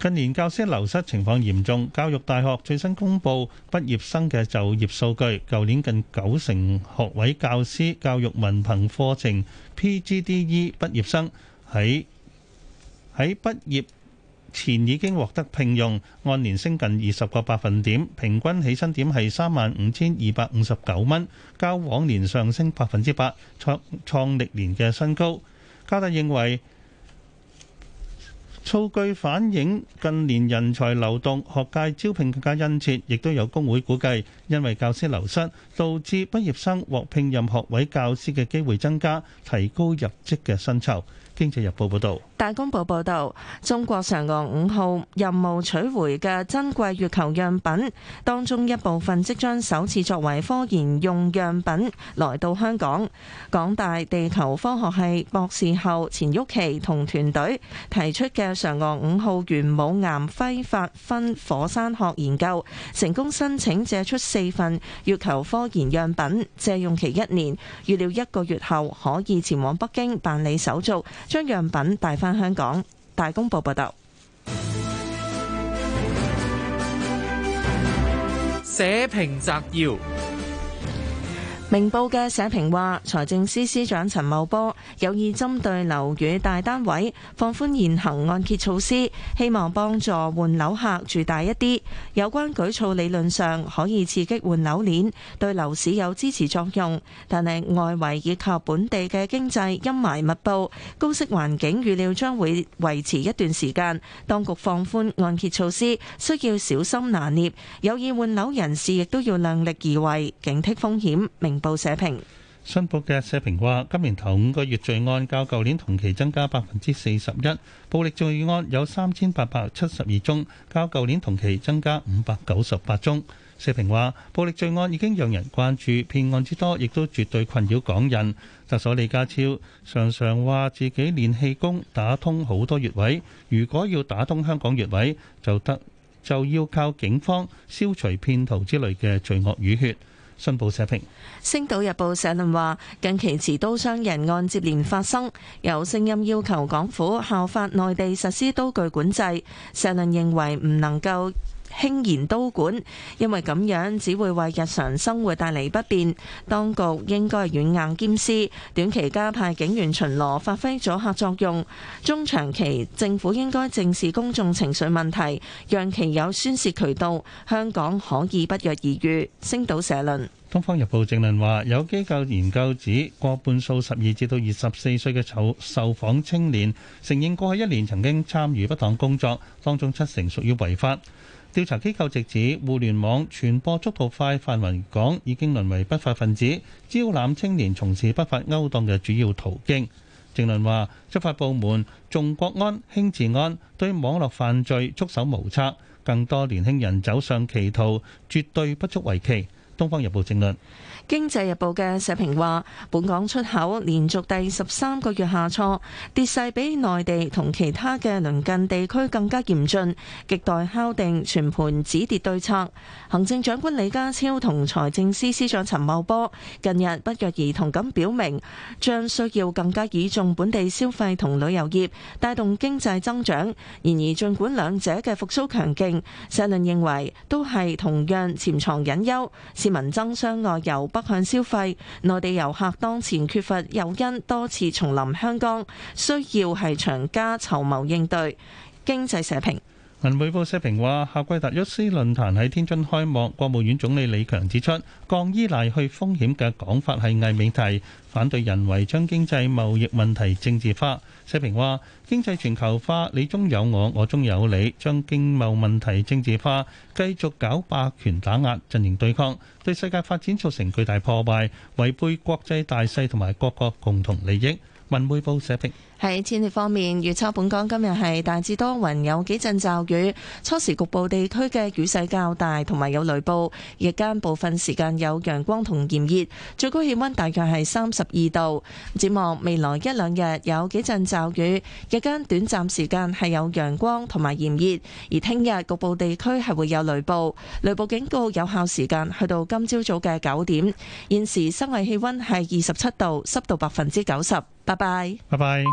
S4: 近年教師流失情況嚴重，教育大學最新公布畢業生嘅就業數據，舊年近九成學位教師教育文憑課程 PGDE 畢業生喺喺畢業前已經獲得聘用，按年升近二十個百分點，平均起薪點係三萬五千二百五十九蚊，較往年上升百分之八，創創歷年嘅新高。加特認為，數據反映近年人才流動，學界招聘更加殷切，亦都有工會估計，因為教師流失，導致畢業生獲聘任學位教師嘅機會增加，提高入職嘅薪酬。經濟日報報道，
S3: 大公報報道，大公報報道，中國嫦娥五號任務取回嘅珍貴月球樣品，當中一部分即將首次作為科研用樣品來到香港。港大地球科學系博士後錢煜奇同團隊提出嘅嫦娥五號玄武岩揮發分火山學研究，成功申請借出四份月球科研樣品，借用期一年。預料一個月後可以前往北京辦理手續。將樣品帶返香港。大公報報道，社評摘要。明報嘅社評話，財政司司長陳茂波有意針對樓宇大單位放寬現行按揭措施，希望幫助換樓客住大一啲。有關舉措理論上可以刺激換樓鏈，對樓市有支持作用。但係外圍以及本地嘅經濟陰霾密布，高息環境預料將會維持一段時間。當局放寬按揭措施需要小心拿捏，有意換樓人士亦都要量力而為，警惕風險。明報社評，
S4: 新報嘅社評話，今年頭五個月罪案較舊年同期增加百分之四十一，暴力罪案有三千八百七十二宗，較舊年同期增加五百九十八宗。社評話，暴力罪案已經讓人關注，騙案之多亦都絕對困擾港人。特首李家超常常話自己練氣功打通好多穴位，如果要打通香港穴位，就得就要靠警方消除騙徒之類嘅罪惡瘀血。信報社評。
S3: 《星島日報》社論話：近期持刀傷人案接連發生，有聲音要求港府效法內地實施刀具管制。社論認為唔能夠輕言刀管，因為咁樣只會為日常生活帶嚟不便。當局應該軟硬兼施，短期加派警員巡邏，發揮阻嚇作用；中長期政府應該正視公眾情緒問題，讓其有宣泄渠道。香港可以不藥而癒。星島社論。
S4: 《東方日報》正論話，有機構研究指，過半數十二至到二十四歲嘅受受訪青年承認過去一年曾經參與不當工作，當中七成屬於違法。調查機構直指互聯網傳播速度快，範圍廣，已經淪為不法分子招攬青年從事不法勾當嘅主要途徑。正論話，執法部門重國安輕治安，對網絡犯罪束手無策，更多年輕人走上歧途，絕對不足為奇。《東方日報》正論。
S3: 《經濟日報》嘅社評話：本港出口連續第十三個月下挫，跌勢比內地同其他嘅鄰近地區更加嚴峻，亟待敲定全盤止跌對策。行政長官李家超同財政司司長陳茂波近日不約而同咁表明，將需要更加倚重本地消費同旅遊業帶動經濟增長。然而，儘管兩者嘅復甦強勁，社論認為都係同樣潛藏隱憂，市民爭相外遊向消費，內地遊客當前缺乏誘因，多次重臨香港，需要係長家籌謀應對。經濟社評。
S4: 《文匯報》社評話：夏季達沃斯論壇喺天津開幕，國務院總理李強指出，降依賴去風險嘅講法係偽命題，反對人為將經濟貿易問題政治化。社評話：經濟全球化，你中有我，我中有你，將經貿問題政治化，繼續搞霸權打壓、陣營對抗，對世界發展造成巨大破壞，違背國際大勢同埋各國共同利益。文匯報社評。
S3: 喺天氣方面，預測本港今日係大致多雲，有幾陣驟雨，初時局部地區嘅雨勢較大，同埋有雷暴。日間部分時間有陽光同炎熱，最高氣温大約係三十二度。展望未來一兩日有幾陣驟雨，日間短暫時間係有陽光同埋炎熱，而聽日局部地區係會有雷暴。雷暴警告有效時間去到今朝早嘅九點。現時室外氣温係
S14: 二十七度，濕度百分之九十。拜拜。
S4: 拜拜。